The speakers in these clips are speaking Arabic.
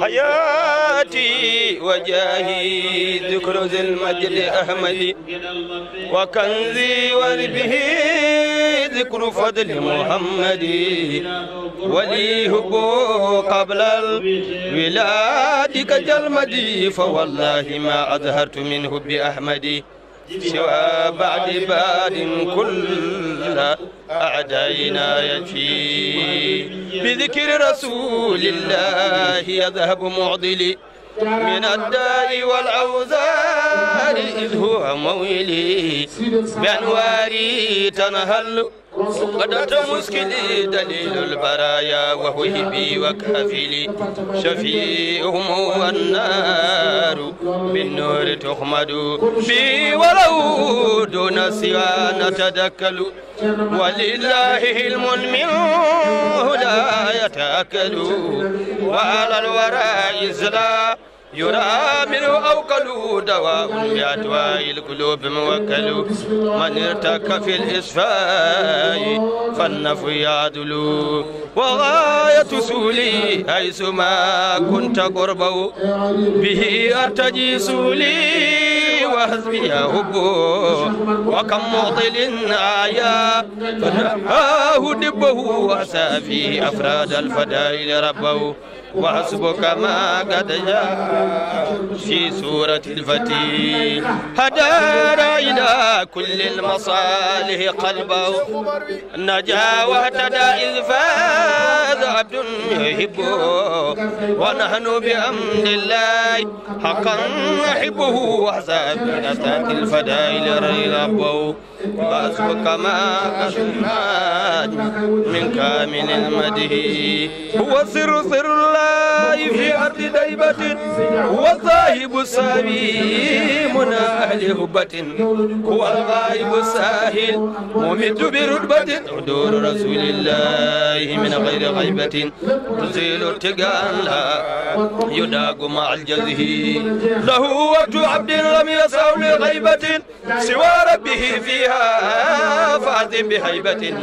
حياتي وجاهي ذكر ذي المجد أحمد وكنزي وربه ذكر فضل محمد ولي هب قبل الولاد كجلمدي فوالله ما أظهرت من هب أحمد سوى بعد باد كل أعدائنا يجي بذكر رسول الله يذهب معضلي من الداء والأوزار إذ هو مويلي بأنواري تنهل قدرت مسكلي دليل البرايا وهيبي وكافلي شفيهم هو النار بالنور تخمد بي ولو دون سوى نتدكل ولله علم من هدى يتأكل وعلى الورى إزلام يرى منه أو كله دواء بأدواء القلوب موكل من ارتك في الإصفاء فالنفو يعدل وغاية سولي حيث ما كنت قربه به أرتجي سولي وهزمي هبه وكم معطل آيا فنحاه دبه وأسى أفراد الفدائل ربه وحسبك ما قد جاء في سورة الفتيح هدانا إلى كل المصالح قلبه نجا واهتدى إذ فاز عبد يحبه ونحن بأمر الله حقا نحبه وحساب تاتي الفدائل ريل وحسبك ما قد من كامل المده هو سر سر الله في أرض ديبة والظاهب من أهل هبة هو الغائب الساهل ممد برتبة دور رسول الله من غير غيبة تزيل لا يناق مع الجزه له وقت عبد لم يسع لغيبة سوى ربه فيها فأذن بهيبة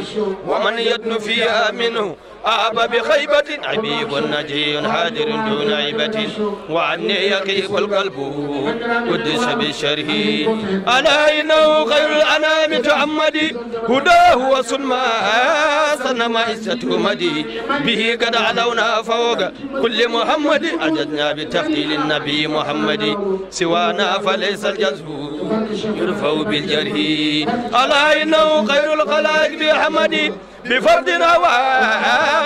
ومن يدن فيها منه أب بخيبة عبيب نجي حاضر دون عيبة وعني يقيب القلب قدس بشره ألا إنه خير الأنام تعمدي هداه وصنما ما صنم عزته مدي به قد علونا فوق كل محمد أجدنا بتفضيل النبي محمد سوانا فليس الجزه يرفع بالجره ألا إنه خير الخلائق بحمدي بفردنا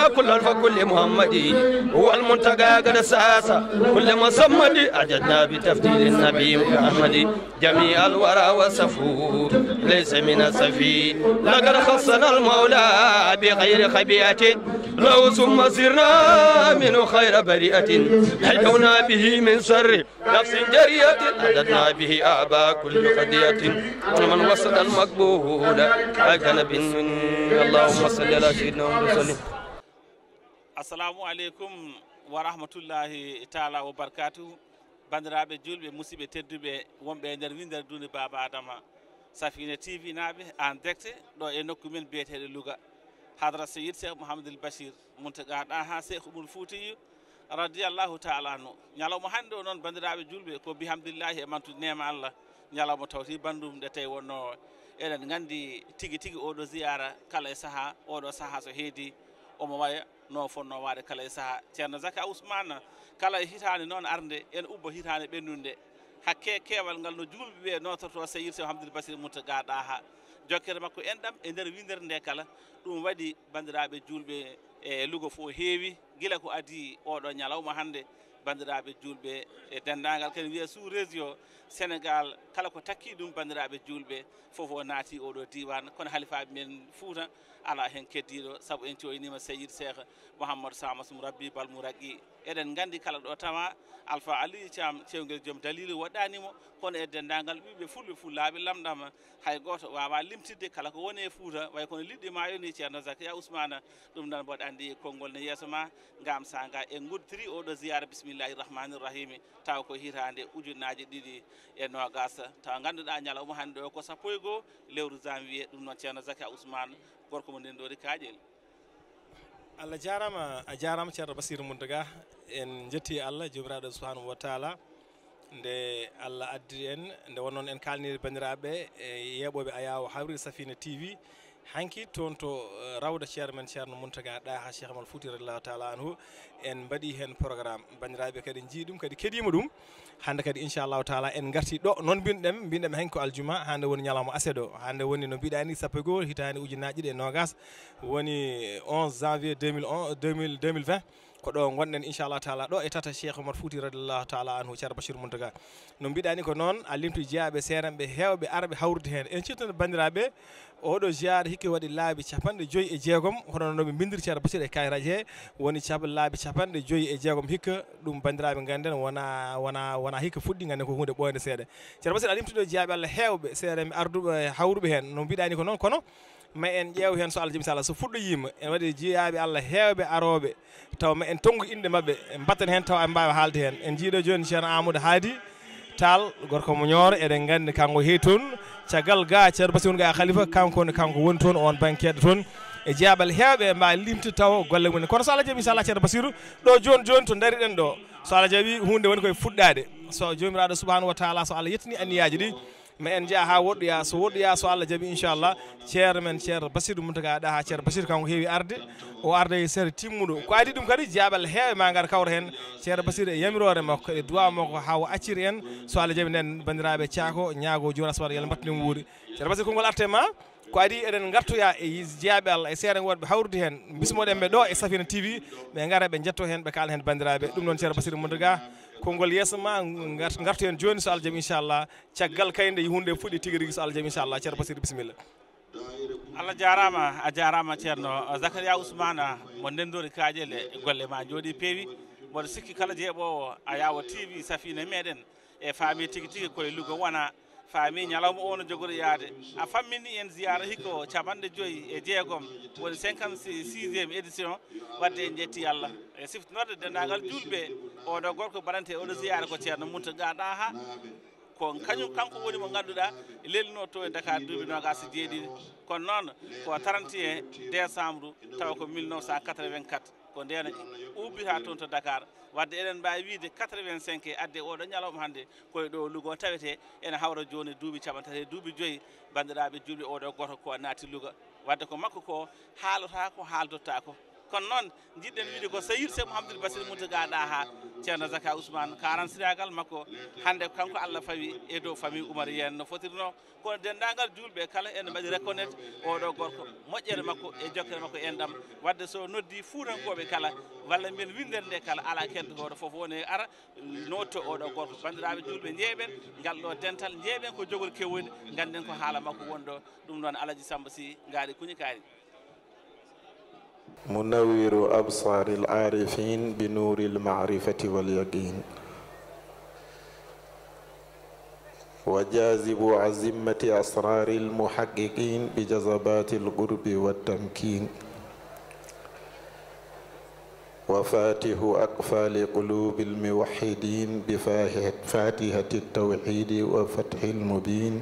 وكل كل محمدي هو المنتقى قد ساسا كل سمدي أجدنا بتفديل النبي محمد جميع الورى وسفو ليس من السفي لقد خصنا المولى بغير خبيئة لو ثم سرنا منه خير بريئة حيونا به من سر نفس جريئة اجدنا به آبا كل خديئة ومن وسط المقبول أجنب اللهم اللهم صل على سيدنا محمد وسلم assalamu aleykum wa rahmatullahi taala wa barkatuhu bandiraɓe julɓe musidɓe tedduɓe wonɓe winder dunde baba adama safina tv naɓe en decte ɗo e nokku men biyeteɗo luga hadra sayyid cheikh bashir bachir muntagaɗa ha cheikh umul foutiyu radiallahu taala anu ñalawma hannde o noon bandiraɓe julɓe ko bihamdillahi e mantude nema allah ñalawma tawti bandum de tawi wonno eɗen nganndi tigi tigi oɗo ziyara kala e saha oɗo saha so heedi omo waya no fonno waade kala e saha ceerno zaka ousmane kala e hitaande noon arde ene ubba hitaande ɓennunde hakke keewal ngal no juulɓe ɓe notorto e sayirse hamdoul basir mutta ga ɗa ha jokkere makko en ɗam e nder windere nde kala ɗum waɗi banndiraaɓe juulɓe e lugo fo heewi gila ko adi oɗo ñalawma hannde bandiraɓe julɓe e dendagal kadi wiya sous région sénégal kala ko takki ɗum bandiraɓe julɓe foof o naati oɗo diwan kono halifaɓe men fouta ala hen keddiɗo saabu en coynima seyid cheikh mouhamadou samasum rabbi balmouraqi eɗen gandi kala ɗo tama alpha ali cam cewgel joom dalili waɗanimo kono e dendagal ɓiɓɓe fulɓe fullaaɓe lamdama hay goto wawa limtidde kala ko woni e fuuta way kono liɗɗi mayo ni ceerno zakia ousmana ɗum tan mboɗa andi e konngol ne yeeso ma ngam sanga en gudditiri oɗo ziyara bisimillahi rahmani rahimi taw ko hitande ujunnaji ɗiɗi e nogas taw ganduɗa ñalawma hannde ɗo ko sappo e goho lewru janvier ɗum noon ceerno zakia ousmane gorko mo nden ɗori allah jarama a jarama ceerno basir mountaga en jetti allah jomiraɗo subahanahu wa taala nde allah addi en nde wonnoon en kalniri bandiraɓe e yeɓoɓe ayawo hawri safina tv hanki toon to eh, rawda ceer men ceerno mountaga ɗaha cheikh mal fouti radiallahu taala anhu en mbaɗi hen programme bandiraɓe kadi jii ɗum kadi keɗima ɗum hande kadi inchallahu taala en garti ɗo noon mbinoɗen mbinoɗen hanki ko aljuma hande woni ñalawma aseɗo hande woni no mbiɗani ni sappo e goho e nogas woni 11 janvier 2020 ko ɗo gonɗen inchallah taala ɗo e tata cheikh oumar fouti radiallahu taala anhu ceerno bachir mountaga no mbiɗani ko noon a limtu jeeyaɓe seeranɓe hewɓe araɓe hawrude hen en cittano bandiraɓe oɗo jeyaɗo hikki waɗi laabi capanɗe joyyi e jeegom hono noɓe bindiri ceerno bachir e kayitaji he woni caba laabi capanɗe joyyi e jeegom hikka ɗum bandiraɓe ganden wona wona wona hikka fuɗɗi ganden ko hunde ɓoyde seeɗa ceerno bachir a limtuɗo jeeyaɓe allah hewɓe seeranɓe arduɓe hawruɓe hen no mbiɗani ko noon kono ma en ƴeew heen so allah jimi so allah so fuɗɗo yiima en waɗi jeyaaɓe allah heewɓe arooɓe taw ma en tonngu innde maɓɓe en mbatten heen taw aɓe mbaawi haalde heen en njiiɗo jooni ceerno amadou haadi tal gorko mo ñooro eɗen nganndi kanko heey toon caggal ga ceerno basiwon ga halifa kanko ne kanko woni toon on banqueɗo toon e jeyaɓal heewɓe e mbawi limti taw golle mumen kono so allah jaaɓi inchallah ceerno basiru ɗo joni joni to dariɗen ɗo so allah jaaɓi hunde woni koye fuɗɗade so jomiraɗo subahanahu wa taala so allah yettini anniyaji ɗi ma en jeeya ha woɗɗo yaa so woɗɗo yaa so allah jaaɓi inchallah ceero men ceero basiru mutagaɗa ha ceero basiru kanko heewi arde o arda e seeɗa timmuɗo ko adi ɗum kadi jaaɓal heewe ma gar kawra hen ceero basiru e yamirore makko e duwa makko ha o accir en so allah jaaɓi nden bandiraɓe cako ñaago joni asbaɗa yalla mbattuɗen wuuri ceero basiru konngol arte ma ko adi eɗen gartoya e jeeyaɓe allah e seere wonɓe hawrude hen bismoɗenɓe ɗo e safina tv ɓe gara ɓe jetto hen ɓe kala hen bandiraɓe ɗum noon ceero basiru mudaga konngol yeeso ma ngartu heen jooni so aljam inchallah caggal kay nde yihunde e fuɗɗi tigi rigi so aljam inchallah ceerno basiri bisimilla allah jarama a jarama ceerno zacharia ousmane mo ndendori kaajele golle ma jooɗi peewi mboɗo sikki kala jeeɓowo a yawa tiiwi safiina meɗen e faami e tigi tigi koye lugo wona faami ñalawma o no jogori yaade a fammini en siyara hikko capanɗe joyi e jeegom woni cinquante sixiéme édition wadde en jetti allah e siftinorde dendagal julɓe oɗo gorko baɗante oɗo siyara ko ceerno munta ɗaɗa ha ko kañum kanko woni mo ganduɗa lelino to e dakar duuɓi nogaso e jeeɗiɗi kono noon ko 31 décembre taw ko 1984 ko ndena ubbi ha toon to dakar wadde eɗen mbawi wiide 85 e adde oɗo ñalawma hannde koye ɗo lugo tawete ene hawra joni duuɓi caɓantati e duuɓi joyyi bandiraɓe julɓe oɗo goto ko naati luga wadde ko makko ko haalata ko haaldottako kono noon jiɗɗen wiide ko sayir sheikh mouhamadoul basir mutigaɗa ha ceerno zaka ousmane karan siragal makko hande kanko allah fawi e dow famille oumar yen no fotirno kono dendagal julɓe kala ene mbaɗi reconnaitre oɗo gorko moƴƴere makko e jokkere makko en ɗam wadde so noddi fuutankoɓe kala walla mbiyen winder nde kala ala kedde hoɗo foof woni ara notto oɗo gorko bandiraɓe julɓe jeeɓen ngal ɗo dental jeeɓen ko jogol kewoni ganden ko haala makko wonɗo ɗum noon alaji samba si gaari kuñi kaari منور أبصار العارفين بنور المعرفة واليقين وجاذب عزمة أسرار المحققين بجذبات القرب والتمكين وفاتح أقفال قلوب الموحدين بفاتحة التوحيد وفتح المبين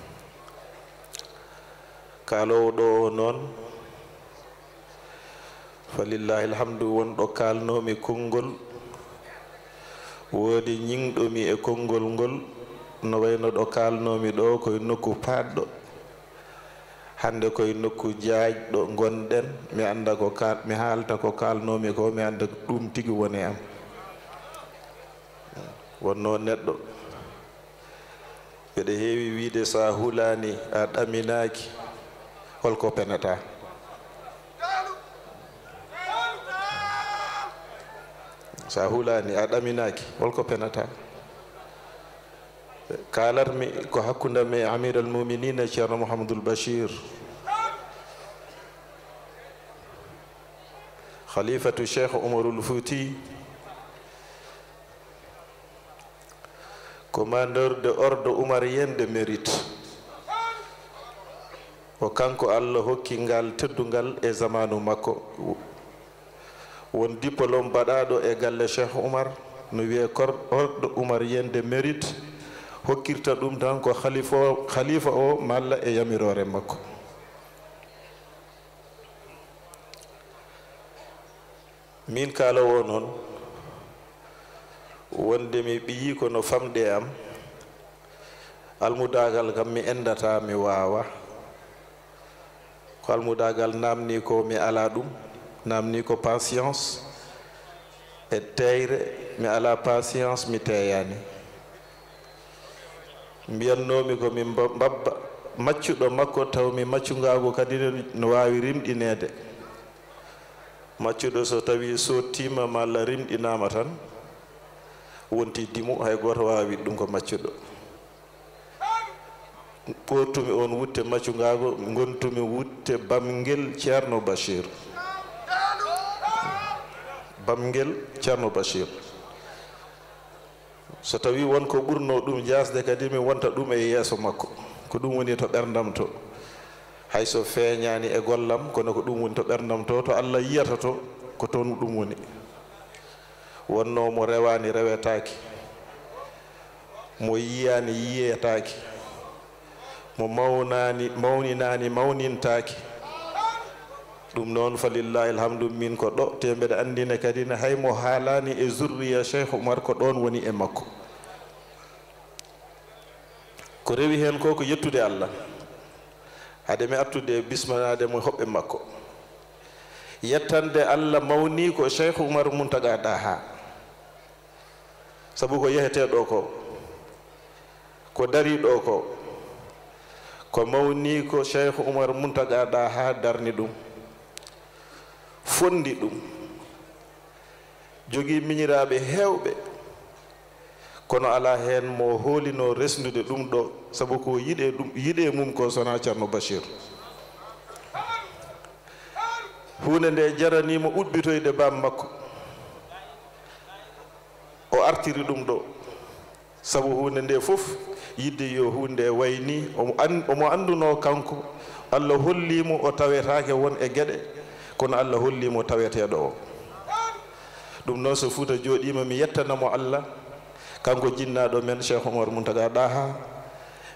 kalowoɗo noon falillahi ilhamdu wonɗo kalnomi konngol woodi ñingɗomi e konngol ngol no wayno ɗo kalnomi ɗo koye nokku paatɗo hande koye nokku jaajɗo gonɗen mi anda ko mi haalta ko kalnomi ko mi anda ɗum tigi woni am wonno neɗɗo mbeɗa heewi wiide sa hulani a ɗaminaki holko penata sa hulani a ɗaminaki holko penata kalarmi ko hakkudami amir al muminina ceerno mouhamadoul bachir khalifatu cheikh oumarul fouti commandeur de ordre oumarien de mérite o kanko allah hokki ngal teddungal e zamanu makko won dipolome mbaɗaɗo e galle cheikh oumar no wiye kor orɗo oumar yende mérite hokkirta ɗum tan ko halifa khalifa o malla e yamirore makko min kalowo noon wonde mi ɓiyi kono famɗe am almudagal kam mi endata mi wawa falmudagal namni ko mi ala ɗum namni ko patience e teyre mi ala patience mi teeyani mbiyannomi ko mi mbabba maccuɗo makko taw mi maccungaago kadi no waawi rimɗineede maccuɗo so tawi sottima malla rimɗinama tan wonti dimu hay goto waawi ɗum ko maccuɗo kotumi on wutte maccungago gontumi wutte bamguel ceerno bachir bamguel ceerno bachir so tawi wonko ɓurno ɗum jasde kadi mi wonta ɗum e yesso makko ko ɗum woni to ɓerdam to hayso feñani e gollam kono ko ɗum woni to ɓerdam to to allah yiyata to ko toon ɗum woni wonno mo rewani rewetaki mo yiyani yiyetaki mo mawnani mawninani mawnintaki ɗum noon falillahi alhamdu min ko ɗo te mbeɗa andina kadi ne haymo haalani e zurriya cheikh oumar ko ɗon woni e makko ko rewi hen ko ko yettude allah hade mi attude bismanade mo hoɓɓe makko yettande allah mawni ko cheikh oumar mum tagaɗa ha saabu ko yeheteɗo ko ko dariɗo ko ko mawni ko cheikhu oumar muntaga ɗa ha darni ɗum fondi ɗum jogii miñiraaɓe heewɓe kono alaa heen mo hoolino resndude ɗum ɗo sabu ko yiɗee ɗum yiɗee mum ko sona ceerno bachir huunde nde jaraniimo uɗɓitoyde baam makko o artiri ɗum ɗo sabu huunde nde fof yidde yo hunde wayni omo anduno kanko allah hollimo o tawetake won e gueɗe kono allah hollimo taweteɗo o ɗum noon so fouta joɗima mi yettanamo allah kanko jinnaɗo men cheikh omar muntaga ɗaha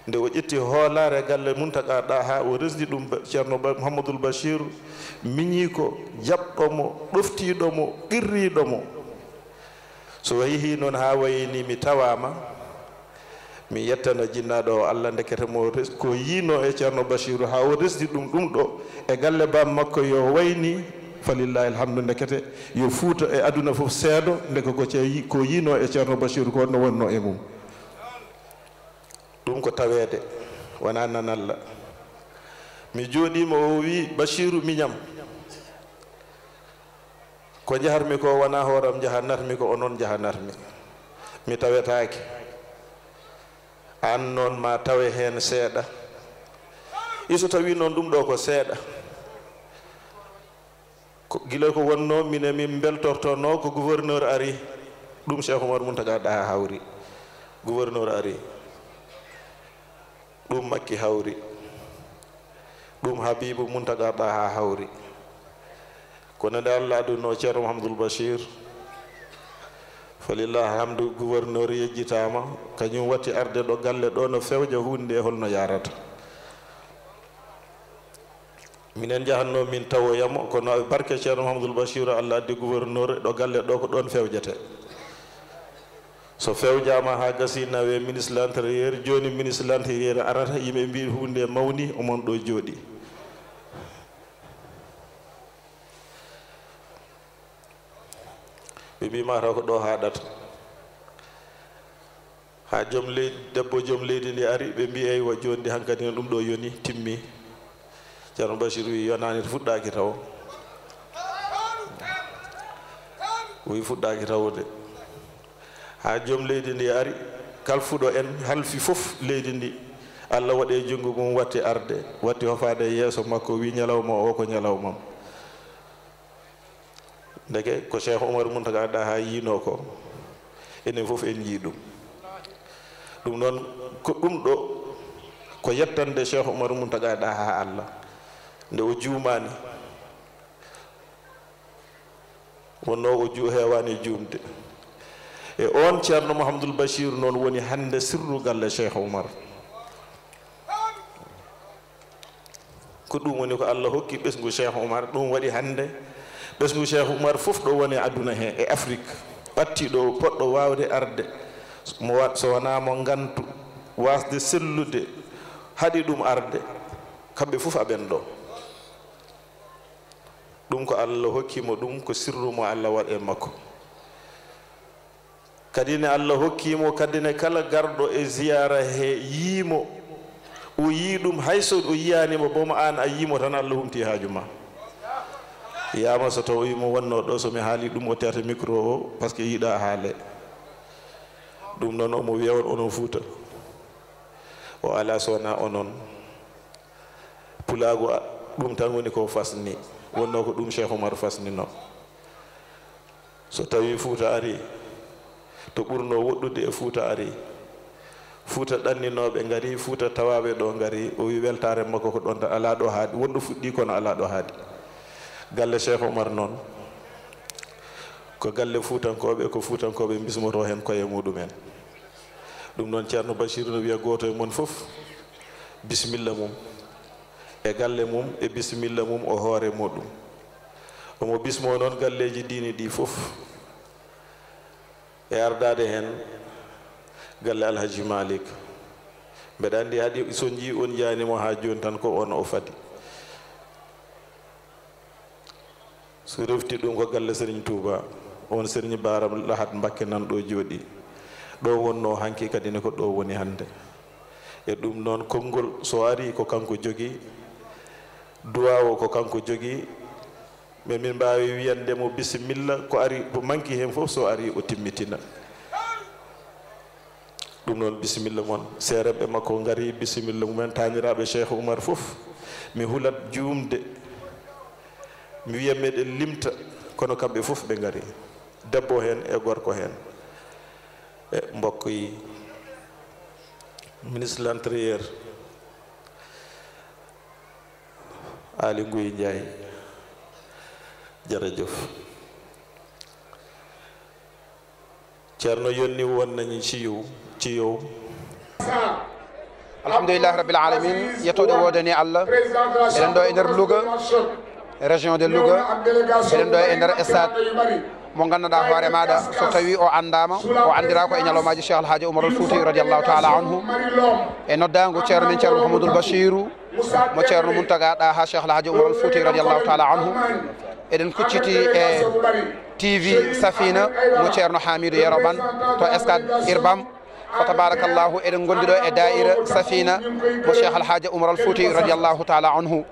nde o ƴetti hoolare galle muntaga ɗaha o resdi ɗum ceerno mouhamadoul bachiru miñi ko jaɓɗomo ɗoftiɗomo qirriɗomo so yeehi noon ha wayni mi tawama mi yettana jinnaɗo o allah ndekete mo ko yino e ceerno bachirou ha o resdi ɗum ɗum ɗo e galle bam makko yo wayni falillah ilhamdu ndekete yo fuuta e aduna foof seedo ndeke ko ceyi ko yino e ceerno bachirou ko no wonno e mum ɗum ko tawede wona nan allah mi jooɗima o wi bachirou miñam ko jaharmi ko wona hooram jaha narmi ko onoon jaha narmi mi tawetake an noon ma tawe heen seeɗa iso tawi noon ɗum ɗo ko seeɗa ko gila ko wonno mine min beltortono ko gouverneur ari ɗum chekh omar mun tagaɗa ha hawri gouverneur ari ɗum makki hawri ɗum habibu mun tagaɗa ha hawri kono nde allah aduno ceerno mouhamadoul bachir folillah hamdu gouverneur yejjitama kañum watti arde ɗo galle ɗo no fewja hunde e holno yarata minen jahanno min tawoyamo kono barke ceerno mahamadoul bachir allah addi gouverneur ɗo galle ɗo ko ɗon fewjete so fewjama ha gasi nawe ministre l' intérieur joni ministre l' intérieur arata yimɓe mbi hunde mawni omon ɗo jooɗi ɓe mbima taw ko ɗo haɗata ha joom leydi debbo joom leydi ndi ari ɓe mbi eyi wa joni ndi hankkadi no ɗum ɗo yoni timmi ceerno bachir wi yonani to fuɗɗaki taw wi fuɗɗaki tawde ha joom leydi ndi ari kalfuɗo en halfi foof leydi ndi allah waɗe junngo mum watti arde watti hofade yesso makko wi ñalawma o ko ñalawmam deke ko cheikh omar mun taga ɗa ha yino ko enen foof en yii ɗum ɗum noon ko ɗum ɗo ko yettande cheikh omar mun taga ɗa ha allah nde o juumani wonno o ju heewani juumde e on ceerno mouhamadoul bachir noon woni hannde sirrugal le cheikh omar ko ɗum woni ko allah hokki ɓesgu cheikh omar ɗum waɗi hannde ɓesgu cheikh oumar fof ɗo woni aduna he e afrique ɓattiɗo poɗɗo wawde arde mo wa so wonamo gantu wasde sellude haaɗi ɗum arde kamɓe fof aɓen ɗo ɗum ko allah hokkimo ɗum ko sirrumo allah waɗ en makko kadi ne allah hokkimo kadi ne kala garɗo e ziyara he yiimo o yii ɗum hayso o yiyanimo boma an a yiimo tan allah humti haaju ma yama so taw wimo wonno ɗo somi haali ɗum o teata micro o par ce que yiiɗa haale ɗum noon omo wiya on onon fuuta o ala sowona onon pulago ɗum tan woni ko fasni wonno ko ɗum cheikh oumar fasnino so tawi fuuta ari to ɓurno woɗɗude e fuuta ari fuuta ɗanninoɓe gaari fuuta tawaɓe ɗo gaari o wi weltare makko ko ɗonta ala ɗo haadi wonɗo fuɗɗi kono ala ɗo haadi galle cheikh oumar noon ko galle fuutankoɓe ko fuutankoɓe bismoto hen koye muɗumen ɗum noon ceerno bachir no wiya gooto e mon foof bisimilla mum e galle mum e bisimilla mum o hoore muɗum omo bismo noon galleji diini ɗi foof e ardade hen galle alhaji malik mbeɗa andi haɗi so jii on jaanimo ha joni tan ko on o fadi so rewti ɗum ko galle sérigne touba on sérigne baram lahat mbakke nan ɗo jooɗi ɗo wonno hanki kadi ne ko ɗo woni hannde e ɗum noon konngol so ari ko kanko jogii duwa o ko kanko jogii mais min mbaawi wiyandemo bisimilla ko ari ko manki heen fof so ari o timmitina ɗum noon bisimilla moon sérem e makko ngari bisimilla mumen taaniraaɓe cheikh oumar fof mi hulat juumde mu wiya meɗen limta kono kamɓe fof ɓe gari debbo hen e gorko hen e mbokkoyi ministre l' intérieur ali nguyi ndiaye jarajof ceerno yonni won nañu ci yow ci yow alhamdulillahi rabbil alamin yettoɗe wodani allah eɗen ɗo e nder région de louga eɗen ɗo e nder stade mo ganduɗa hoore maɗa so tawi o andama o andira ko e ñalomaji cheikh alhaji oumar al fouti radiallahu taala anhu e noddago ceerno men ceerno mouhamadoul bachirou mo ceerno muntaga da ha cheikh alhaji oumar al fouti radiallahu taala anhu eɗen kucciti e tv safina mo ceerno hamid yeroban to stade irbam ko الله eɗen gondiɗo e daira safina mo cheikh alhaji oumar al fouti radiallahu taala anhu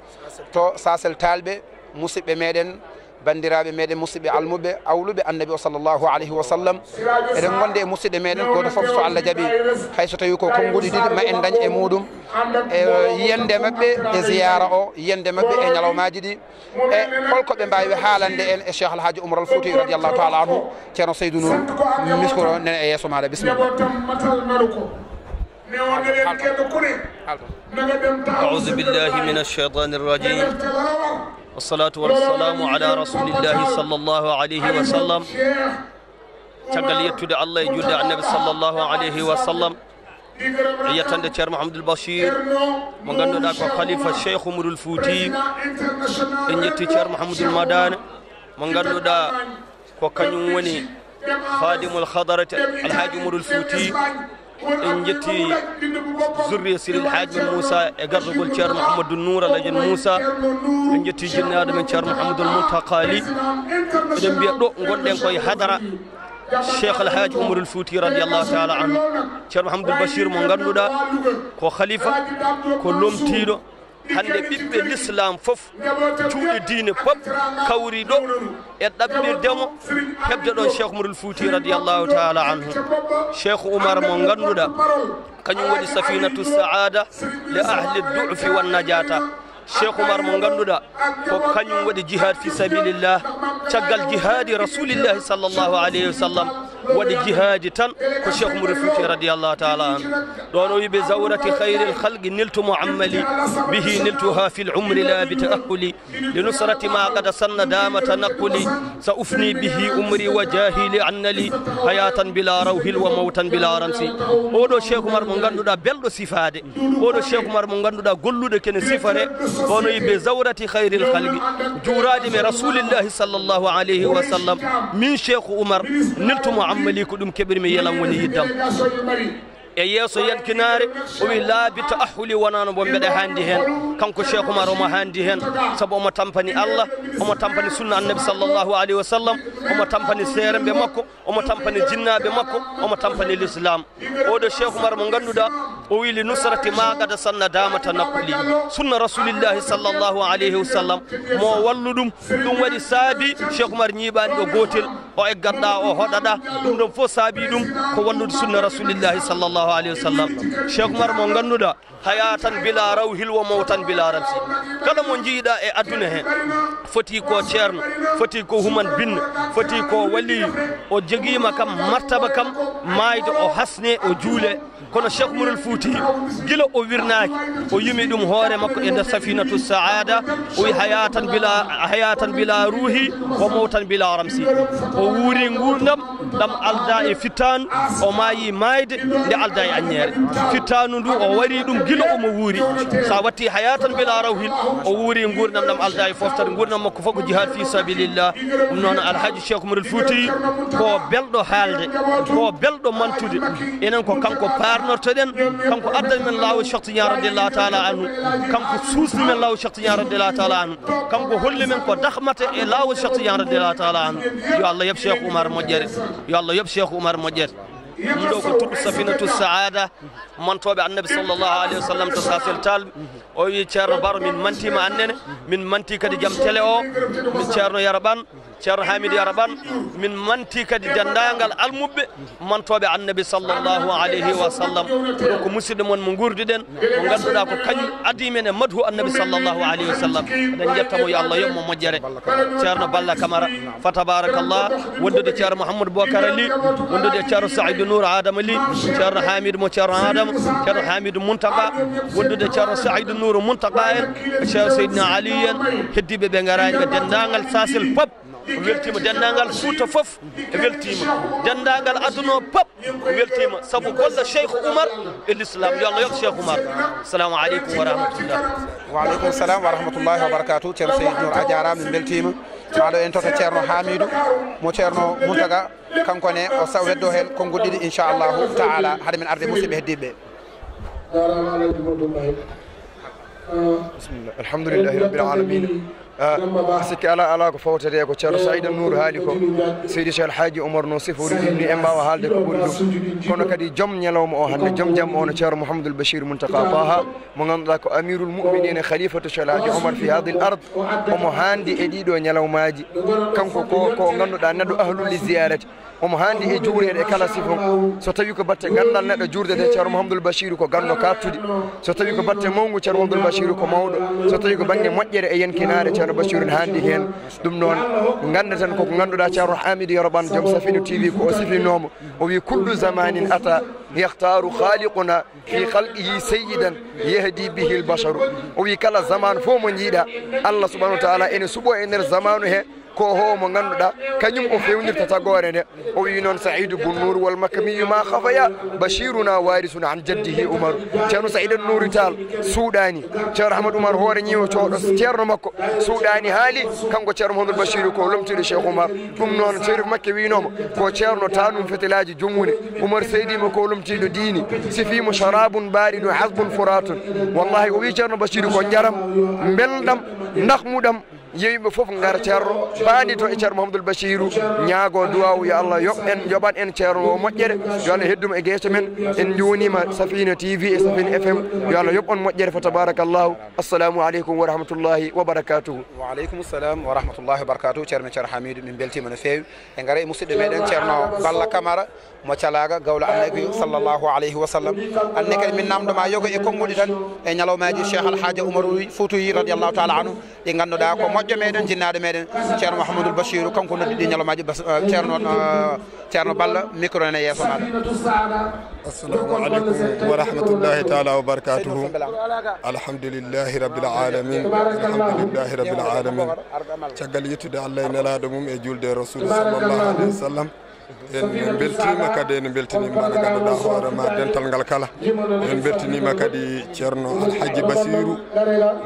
to sasel talɓe musidɓe meɗen bandiraɓe meɗen musidɓe almuɓe awluɓe annabi o sallllahu alayhi wa sallam eɗen gonde e musidɗe meɗen goto foof so allah jaaɓi hayso tawi ko konnguɗi ɗiɗi ma en dañ e muɗum e yiyande mabɓe e ziyara o yiyande mabɓe e ñalawmaji ɗi e holko ɓe mbawi haalande en e cheikh alhaji oumar al fouti radiallahu taala anhu ceerno seydou nour miskoro nene e yesso maɗa bisimillah أعوذ بالله من الشيطان الرجيم والصلاة والسلام على رسول الله صلى الله عليه وسلم تقليت دع الله يجود النبي صلى الله عليه وسلم عيتان دي شير محمد البشير مغندو داكو خليفة الشيخ مر الفوتي انجتي شير محمد المدان مغندو داكو كنيواني خادم الخضرة الحاج مر الفوتي en jetti zurriya siril haji moussa e garɗogol ceerno mouhamadou noura lajan moussa en jetti jinnaɗo men ceerno mouhamadoul mountakali eɗen mbiya ɗo gonɗen koye hadara cheikh alhaji oumarul fouti radiallahu taala anhu ceerno mouhamadoul bachir mo ganduɗa ko khalifa ko lomtiɗo hande bibbe l'islam fof cuuɗe diine pop kawri do e dabbir demo hebde ɗon cheikh moudoul fouti radiyallahu taala anhu cheikh oumar mo ganduda kañum woni safinatu saada li ahli ad-du'f wan najata cheikh oumar mo ganduda ko kañum waɗi jihad fi sabilillah tagal jihad rasulillah sallallahu alayhi wasallam ودي جهاد تن كشيخ مرفوش رضي الله تعالى دونو يبي زورة خير الخلق نلت معملي به نلتها في العمر لا بتأهلي لنصرة ما قد سن دام تنقلي سأفني به أمري وجاهلي عنلي حياة بلا روح وموتا بلا رمسي ودو شيخ مر مغندو دا بلو سفادي ودو شيخ مر مغندو دا قلو دا كن سفره دونو يبي زورة خير الخلق جورادي من رسول الله صلى الله عليه وسلم من شيخ عمر نلت معملي عملي كدوم كبر ميلا يلا وني يدم eyeeso yalkinaare o wi laabi ta ahuli wonano bo mbeɗa handi hen kanko cheikh oumar omo handi hen saabu omo tampani allah omo tampani sunna annabi sallllahu alayhi wa sallam omo tampani seerembe makko omo tampani jinnaɓe makko omo tampani l'islam oɗo cheikh oumar mo ganduɗa o wi li nusrati magada sanna damata nakkuli sunna rasulillahi sallllahu alayhi wa sallam mo wallu ɗum ɗum waɗi saabi cheikh oumar ñiɓani ɗo gotel o eggatɗa o hoɗaɗa ɗum ɗon fof saabi ɗum ko wallude sunna rasulillahi sallllahu sallallahu alaihi wasallam sheikh umar mo ganduɗa hayatan bila raw hilwo mawtan bila ramsi kala mo jiiɗa e aduna hen foti ko ceerno foti ko human binne foti ko wali o joguima kam martaba kam mayde o hasne o juule kono cheikh umarul fouti gila o wirnaki o yimi ɗum hoore makko e nder safinatu saada o wi hayatan bila hayatan bila ruhi o mawtan bila ramsi o wuuri gurdam ɗam alda e fittan o maayi mayde nde alda gadda e aññere fittanu ndu o wari ɗum gila omo wuuri sa watti haya tan beela rawhil o wuuri gurdam ɗam alda e foftere makko fof jihad fi sabilillah ɗum noon alhaji cheikh mourid fouti ko belɗo haalde ko belɗo mantude enen ko kanko parnortoɗen kanko addani men laawol chekhtiña radiallahu taala anu kanko suusni men laawol chekhtiña radiallahu taala anu kanko holli men ko dahmata e laawol chekhtiña radiallahu taala anu yo allah yoɓ cheikh oumar moƴƴere yo allah yoɓ cheikh oumar moƴƴere يلوكو تو سفينه السعاده من توب النبي صلى الله عليه وسلم تساسل تال او يتشار بار من منتي ما انن من منتي كدي جام تيليو من تشارو يا ربان تشار حميد يا ربان من منتي كدي جاندانغال المب من توب النبي صلى الله عليه وسلم لوكو مسلم من مغورديدن غاندودا كو كاني ادي من مدحو النبي صلى الله عليه وسلم دان جتامو يا الله يوم ما جاري تشارو بالا كامارا فتبارك الله ودد تشار محمد بوكر علي ودد تشار سعيد نور آدم لي شر حامد مشر آدم شر حامد منطقة ودد شر سعيد نور منطقة شر سيدنا علي هدي ببنغرائي جندان الساسل باب ويلتيم جندان الفوت فف ويلتيم جندان الأدنو باب ويلتيم سبو كل شيخ عمر الإسلام يالله يا شيخ عمر السلام عليكم ورحمة الله وعليكم السلام ورحمة الله وبركاته شر سيد نور أجارة من ويلتيم maɗo en toto ceerno hamidou mo ceerno mountaga kankone o saw weddo hen konngol ɗiɗi inchallahu taala haade men arde musidɓe heddiɓeɓe alhamdulillahi rabbil alamin sikki ala ala ko fawtete ko ceerno saïda nour haali ko seydi cheikh alhaji oumar no sifori ɗumni en mbawa haalde ko ɓuri ɗum kono kadi joom ñalawma o hannde joom jamma o no ceerno mouhamadoul bachir mountaqa taha mo ganduɗa ko amirul muminina khalifatu cheikh alhaji oumar fi hadi l ard omo handi e ɗiɗo ñalawmaji kanko ko ko ganduɗa neɗɗo ahlulli ziyarete omo handi e juurede e kala sifo so tawi ko batte gandal neɗɗo juurde de ceerno mahamadoul bachiru ko ganno kattude so tawi ko batte mawgu ceerno mahamadoul bachiru ko mawɗo so tawi ko banggue moƴƴere e yen kinare ceerno bachiru ne handi hen ɗum noon gandaten koko ganduɗa ceerno hamidou yoroban joom safinu tv ko o sifinoma o wi kullu zamanin ata yahtaru haliquna fi halqihi seyidan yahdi bihi l basharu o wi kala zaman fo mo jiiɗa allah subahanau wa taala ene suɓo e nder zamanu he ko ho mo ganduɗa kañum o fewdirta tagore nde o wi noon saidou bounour wal makamiyu ma hafaya bachiruna warisuna an jaddihi oumaru ceerno saïd nouri tal suuɗani ceerno ahmadou oumar hoore ñiwotoɗo ceerno makko suuɗani haali kanko ceerno mahamadou bachiru ko lomtiɗo cheikh oumar ɗum noon sérif makke winoma ko ceerno tanum fetelaji jomwune oumar seydima ko lomtiɗo diini sifimo charabun baɗiɗo hasbun furatun wallahi o wi ceerno bachiru ko jaram belɗam dakmuɗam yeyiɓe fof gara ceerno baani to e ceerno mahamadoul bachirou ñaago duwaw yo allah yo en joɓat en ceerno o moƴƴere yo allah heddumo e gueeso men en jonima safina tv e safina fm yo allah yoɓ on moƴƴere fo tabarakallahu assalamu aleykum wa rahmatullahi wa barakatuhu waaleykum salam wa rahmatullahi wa barakatuhu ceerno ceerno hamidou min beltima no fewi e gara e musidɗo meɗen ceerno balla camara mo calaga gawla annabi sallllahu aleyhi wa sallam anne kadi min namdoma yogo e konguɗi tan e ñalawmaji cheikh alhaji oumaroui fotoyi radiallahu taala anu ɗi ganduɗa ko majjo meɗen jinnaɗo meɗen ceerno mahamadou bachirou kanko noddiɗi ñalomaji ceerno ceerno balla micro ne yeeso maɗa assalamu aleykum wa rahmatullahi taala wa barakatuhu alhamdulillahi rabbil alamin alhamdulillahi rabbil alamin caggal yettude allah e nelaɗo mum e julde rasul sallllahu alayhi wa sallam en beltima kadi en beltini mbaɗa ganduɗa hoore ma dental ngal kala en beltinima kadi ceerno alhaji basirou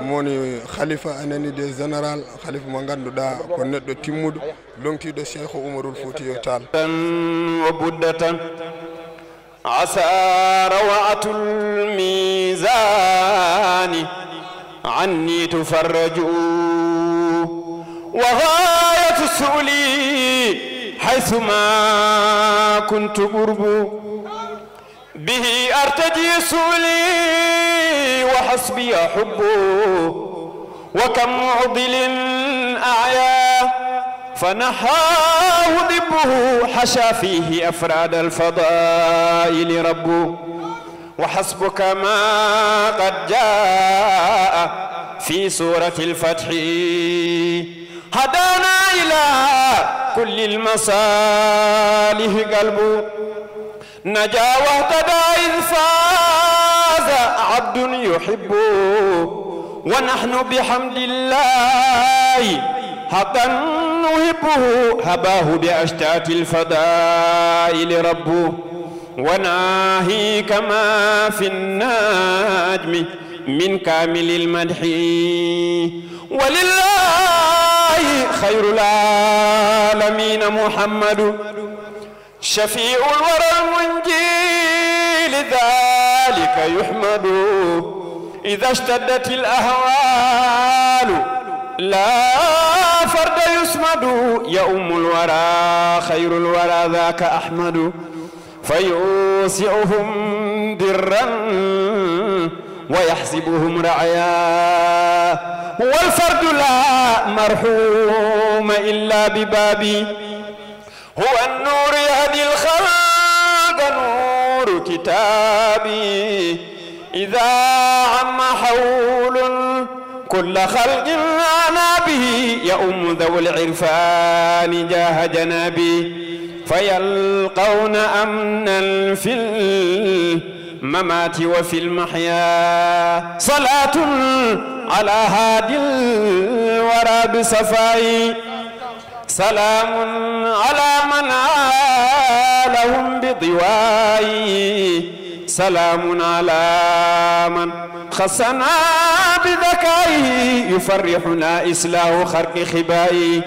mowoni khalifa anani de général khalifa mo ganduɗa ko neɗɗo timmuɗo longtiɗo cheikhu oumarul fotiyo tal wa buddatan asa rawatu lmisani anni tufarraju wa gayatu suli حيث ما كنت قرب به أرتجي سؤلي وحسبي حبه وكم معضل أعيا فنحاه ذبه حشى فيه أفراد الفضائل رب وحسبك ما قد جاء في سورة الفتح هدانا إلى كل المصالح قلبه نجا واهتدى إذ فاز عبد يحبه ونحن بحمد الله حقا نهبه هباه بأشتات الفضائل ربه وناهي كما في النجم من كامل المدح ولله خير العالمين محمد شفيع الورى المنجيل ذلك يحمد إذا اشتدت الأهوال لا فرد يسمد يؤم الورى خير الورى ذاك أحمد فيوسعهم درا ويحسبهم رعيا والفرد لا مرحوم إلا ببابي هو النور يهدي الخلق نور كتابي إذا عم حول كل خلق أنا به يؤم ذو العرفان جاه جنابي فيلقون أمنا في الأرض الممات وفي المحيا صلاة على هادي الورى بصفائي سلام على من آلهم بضوائي سلام على من خصنا بذكائي يفرحنا إسلاه خرق خبائي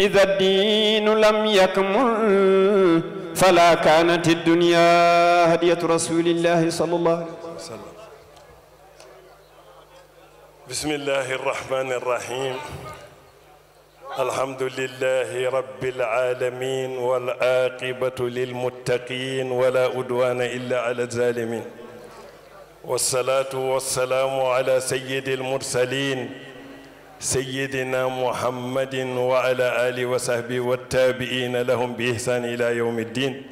إذا الدين لم يكمل فلا كانت الدنيا هدية رسول الله صلى الله عليه وسلم بسم الله الرحمن الرحيم الحمد لله رب العالمين والعاقبة للمتقين ولا أدوان إلا على الظالمين والصلاة والسلام على سيد المرسلين سيدنا محمد وعلى آله وصحبه والتابعين لهم بإحسان إلى يوم الدين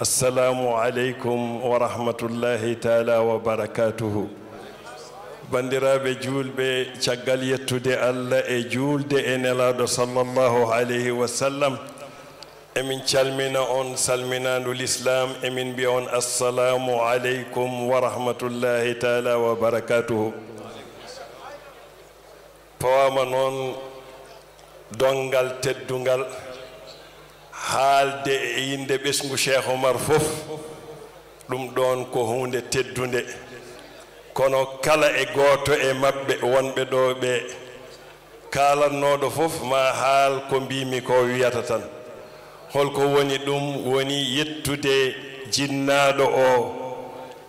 السلام عليكم ورحمة الله تعالى وبركاته بندرا بجول بشغل يتودي الله إيه جول دي إن الله صلى الله عليه وسلم أمين شالمنا أون سالمنا للإسلام أمين بيون السلام عليكم ورحمة الله تعالى وبركاته pawama noon dongal teddungal haalde e yinde ɓesgu cheikh omar fof ɗum ɗon ko hunde teddude kono kala e gooto e maɓɓe wonɓe ɗo ɓe kaalannoɗo fof ma haal ko mbimi ko wiyata tan holko woni ɗum woni yettude jinnaɗo o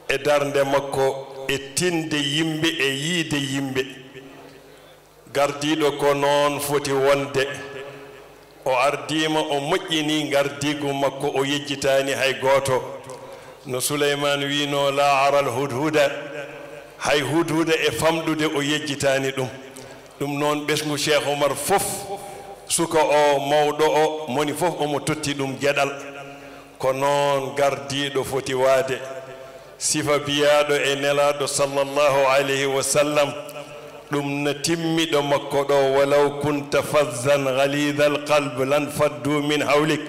e darde makko e tinde yimɓe e yiide yimɓe gardido ko noon foti wonde o ardima o moƴƴini gardigu makko o yejjitani hay goto no suleyman wiino la aral hudhuda hay hudhuda e famɗude o yejjitani ɗum ɗum noon ɓesngu cheikh oumar fof suka o mawɗo o moni fof omo totti ɗum geɗal ko noon gardiiɗo foti waade sifa biyaaɗo e nelaaɗo sallallahu alayhi wa sallam دم نتمي دم ولو كنت فظا غليظ القلب لانفضوا من حولك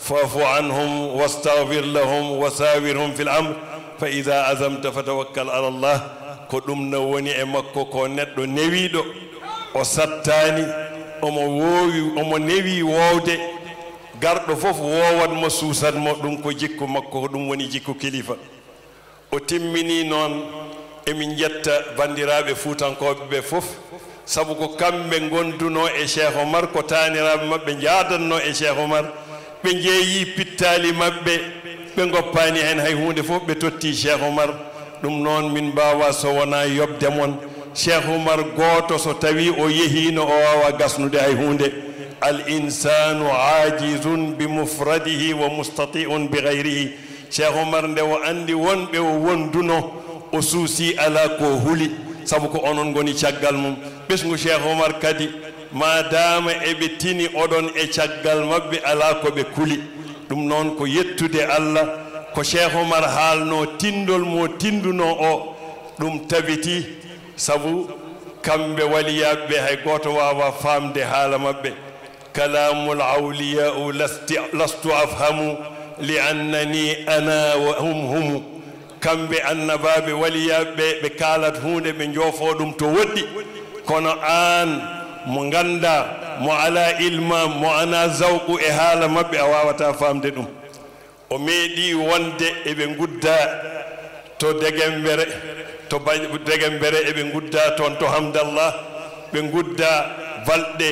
فاعف عنهم واستغفر لهم وساورهم في الامر فاذا عزمت فتوكل على الله كدم نوني امكو كونيدو نويدو او ساتاني اومو ووي اومو نوي وودي غاردو فوف وواد ما سوسات مو دونكو جيكو مكو دوم وني جيكو كليفه او تيميني نون emin jetta banndiraaɓe fuutankooɓe ɓe fof sabu ko kamɓe gonduno e cheikh omar ko taaniraaɓe maɓɓe njaadatno e cheikh omar ɓe njeeyi pittaali maɓɓe ɓe goppaani heen hay huunde fof ɓe tottii cheikh omar ɗum noon min mbaawa so wonaa yoɓde mon cheikh omar gooto so tawii o yehiino o waawa gasnude hay huunde al insanu ajizun bi mufradihi wa mustati'un bi gayrihi cheikh omar nde o anndi wonɓe o wonduno o suusi ala ko huli sabu ko onon ngoni caggal mum ɓesngu cheikh omar kadi ma dama eɓe tini oɗon e caggal maɓɓe ala ko ɓe kuli ɗum noon ko yettude allah ko cheikh omar haalno tindol mo tinduno o ɗum tabiti sabu kamɓe waliyaɓeɓe hay goto wawa faamde haala maɓɓe kalamul awliya u lastu afhamu li annani ana wa hum humu kamɓe annabaɓe waliyaɓeɓe ɓe kalat hunde ɓe jofo ɗum to woɗɗi kono an mo ganda mo ala ilma mo ana zawqu e haala mabɓe a wawata famde ɗum o meeɗi wonde eɓe gudda to degembere to degembere eɓe gudda toon to hamdallah ɓe gudda balɗe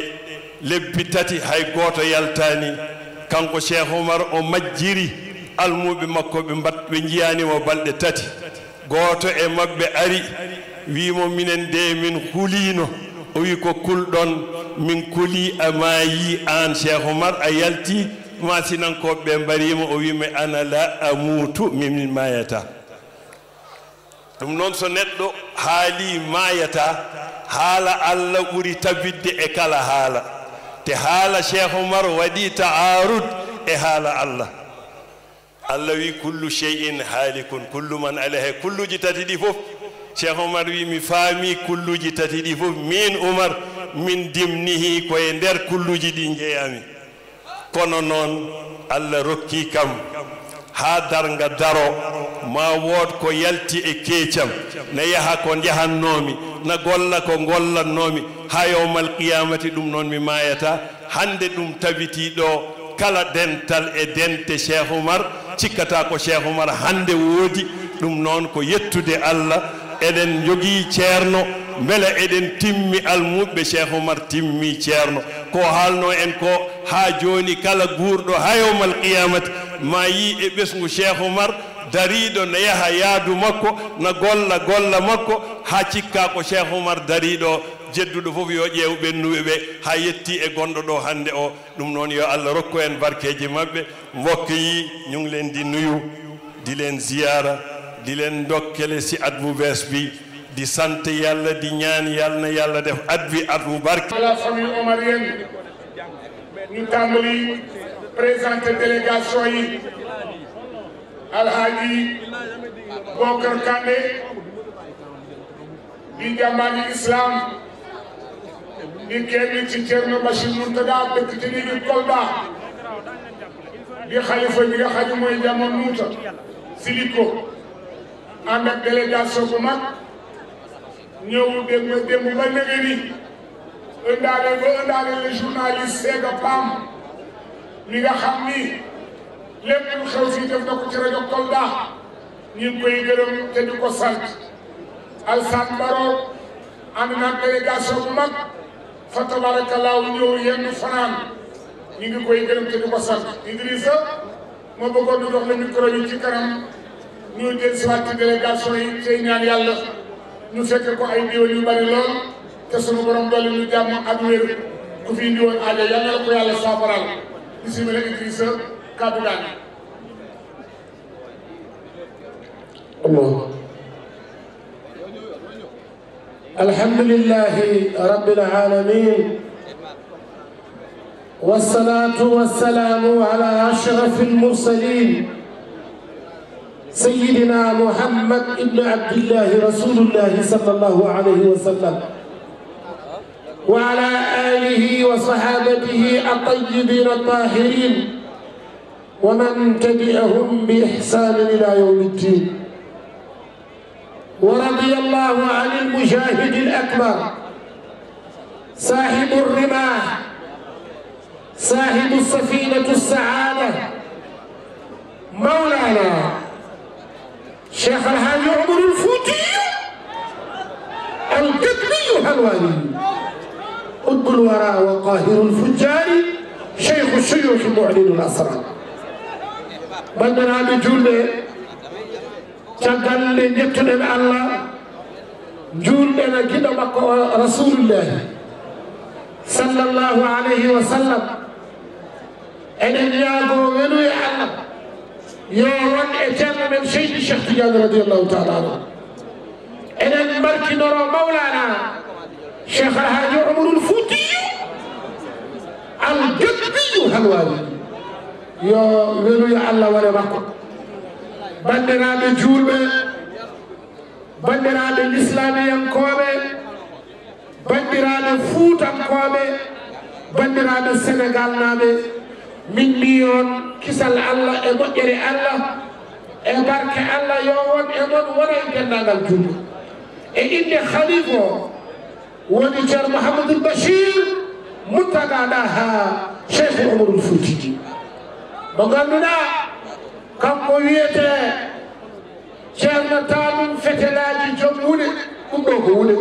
lebbi tati hay goto yaltani kanko cheikh oumar o majjiri almuuɓe makko ɓe mbat ɓe njiyaanima balɗe tati gooto e maɓɓe ari wiimo minen de min huliino o wii ko kulɗon min kulii a maayii aan cheikh omar a yaltii maasinankooɓe ɓe mbariima o wiima ana la a muutu mimin maayata ɗum noon so neɗɗo haalii maayata haala allah ɓuri tabidde e kala haala te haala cheikh omar waɗii ta'aarud e haala allah allah wi kullu chey in haalikun kullu man alahe kulluji tati ɗi fof cheikh oumar wi mi faami kulluji tati ɗi fof min oumar min dimnihi koye nder kulluji ɗi jeeyami kono noon allah rokki kam haa darnga daro ma wood ko yalti e keecam no yaha ko jahannoomi no golla ko gollatnoomi haa yowmal qiyamati ɗum noon mi maayata hannde ɗum tabitii ɗo kala dental e dente cheikh oumar cikkata ko cheikh oumar hande woodi ɗum noon ko yettude allah eɗen jogii ceerno mbele eɗen timmi almuɓɓe cheikh oumar timmi ceerno ko haalno en ko haa jooni kala guurɗo ha yowma alqiyamati ma yii e ɓesngu cheikh oumar dariiɗo na yaha yaadu makko na golla golla makko haa cikka ko cheikh oumar dariiɗo jedduɗo fof yo ƴeew ɓennuɓe ɓe haa yetti e gonɗo ɗo hande o ɗum noon yo allah rokku en barkeeji maɓɓe mbokkoyi ñunglen di nuyu dilen ziyara dilen dokkele si adbu bes bi di sante yalla di ñaan yàlla na yàlla def adbi adbu at bu barke la famille omarienne ñu tàmbali présenté délégation yi alhaaji Bokar Kande di jàmbaari islam يكون هناك مسجد في المنطقة التي يكون هناك مسجد في المنطقة التي يكون هناك مسجد في المنطقة fa tabaarakalaaw ñëw yenn fanaan ñu ngi koy gërëm te di ko sant Idrissa ma bëggoon di jox la micro ci kanam ñu del si waat ci yi tey ñaan yàlla ñu fekk ko ay diwén yu bari lool te sunu borom dolli ñu jàmm ak wér ku fi indiwoon aajo yal ko yàlla saafaral bismilla Idrissa kàddu gaan الحمد لله رب العالمين والصلاة والسلام على أشرف المرسلين سيدنا محمد بن عبد الله رسول الله صلى الله عليه وسلم وعلى آله وصحابته الطيبين الطاهرين ومن تبعهم بإحسان إلى يوم الدين ورضي الله عن المجاهد الأكبر صاحب الرماح صاحب السفينة السعادة مولانا شيخ الحاج عمر الفوتي القطبي هلواني قد الوراء وقاهر الفجار شيخ الشيوخ معلن الأسرار بدنا بجولة caggal nde jettuɗen allah juulɗen e giɗo makko rasulullahi sallllahu alayhi wa sallam eɗen yaago welu e allah yo won e ceerno men seydi cheikh tidiane radiallahu taala anu eɗen mbarkinoro mawlana cheikh alhaji omarul foutiyu al jotbiyu halwali yo welu e allah wone makko bandiraɓe julɓe bandiraɓe l'islamiyankoɓe bandiraɓe fuutankoɓe bandiraɓe sénégal naɓe min mbi on kisal allah e moƴƴere allah e barke allah yo won e mon wona e dendagal julɓe e inde khalife o woni ceer mouhamadoul bachir muttagaɗa ha cheikh omarul foutidi mo ganduɗa kanko wiyete ceernata ɗum fetelaji joom wune ɗum ɗo ko wune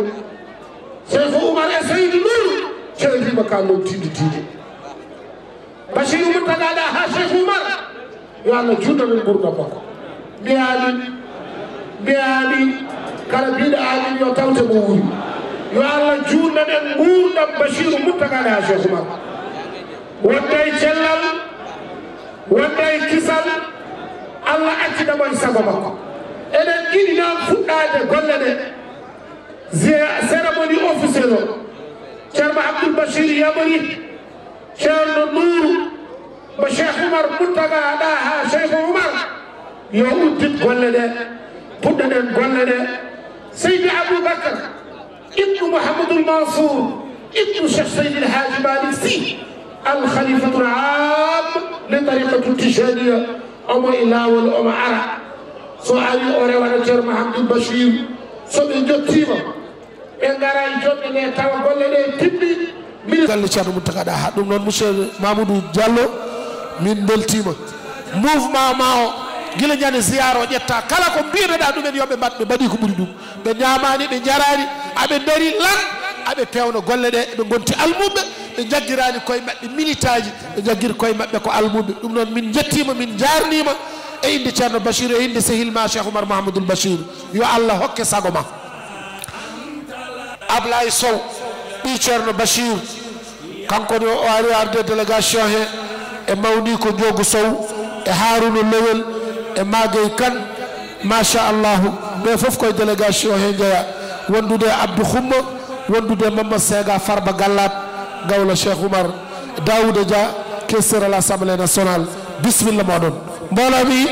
seifo oumar essayidi nuru ceerima ka noon tiɗi tiɗi basiri umurtagaɗa ha cheikh oumar yo allah judda men ɓurna makko mbiyaali mbiyaali kala mbiɗa alin yo tawte mo wuri yo allah juurna ɗen ɓurɗam basiru murtagaɗa ha cheikh oumar wonde cellal wonde kisal الله أنتي دمائي سببك إذا كنا فتاة قلنا زي سرمني أوفيسرو شرم عبد البشير يمني شرم نور بشيخ عمر متقى داها شيخ عمر يؤدد قلنا فتنا قلنا سيد أبو بكر ابن محمد المنصور ابن شيخ سيد الحاج مالك سي الخليفة العام لطريقة التجارية omo e laawol omo ara so awi o rewata ceerno hamdoul bachiru soɓe jottima ɓe gara joɓɓe ɗe tawa golle ɗe timɓi galle ceerno moutagaɗa ha ɗum noon monsieur mamoudou diallo min beltima mouvement ma o guila ñande ziyare o ƴetta kala ko mbiyataɗa ɗumen yoɓe mbatɓe mbaɗi ko ɓuuri ɗum ɓe ñamani ɓe jarani aɓe daari lan aɓe pewno golle ɗe ɓe gonti almuɓe ɓe jaggirani koye maɓɓe minute aji ɓe jaggiri koye maɓɓe ko almuɓe ɗum noon min jettima min jarnima e inde ceerno bachir e inde sehil ma cheikh oumar mahamadoul bachir yo allah hokke sago ma ablaye sow ɓi ceerno bachir kankone o ari arde délégation he e mawni ko jogu sow e harouna lowel e maguey kane machallahu ɓe foof koye délégation he jeeya wondude abdou xumma wondude mamad séga farba gallat gawlo cheikh oumar daouda dia questeur à l'assemblée nationale bisimilla moɗon mbooloo mi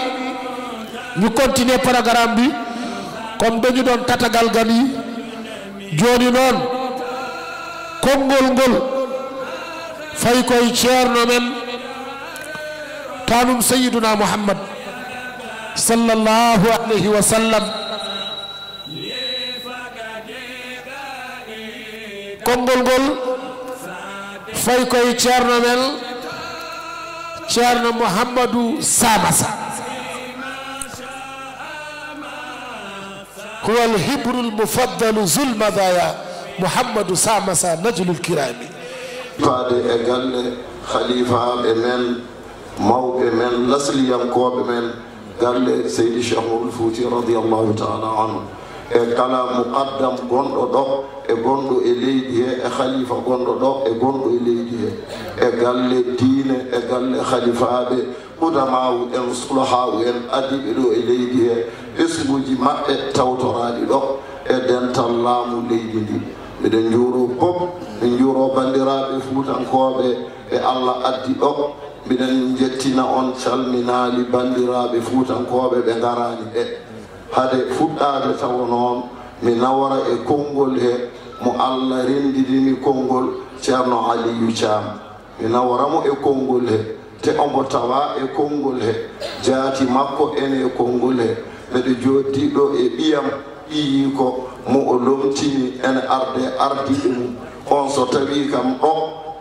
ñu continuer programme bi comme dañu doon tatagal gan yi jooni noon konngol ngol fayi koye ceerno men tanum sayiduna mouhammad sallallahu alayhi wa sallam kombol gol fay koye ceerno men ceerno mouhammadou samasa huwa alhibru lmufaddalu zulmadaya mouhammadou samasa najlul kirami faade e galle khalifaɓe men mawɓe men lasliyankoɓe men galle seydi cheikh mawlou fouti radiallahu taala anhu kala muqaddam gondo do e gondo e leydi he e khalifa gondo do e gondo e leydi he e galle dine e galle khalifaɓe udamawu en sulahawu en adiɓe ɗo e leydi he ismuji maɓɓe tawtoraadi do e dental laamu leydi ndi eɗen juuro pop en juuro bandiraɓe fuutankoɓe e allah addi ɗo mbiɗen jettina on calminaali bandiraɓe fuutankoɓe ɓe garani ɓe hade fuɗɗade tawa noon mi nawara e konngol he mo allah rendidimi konngol ceerno aliyu thiam mi nawaramo e konngol he te omo tawa e konngol he jaati makko ene e konngol he mbeɗo joddiɗo e ɓiyam ɓiyi ko mo o lomtini ene arde ardiɗe mum on so tawi kam ɗo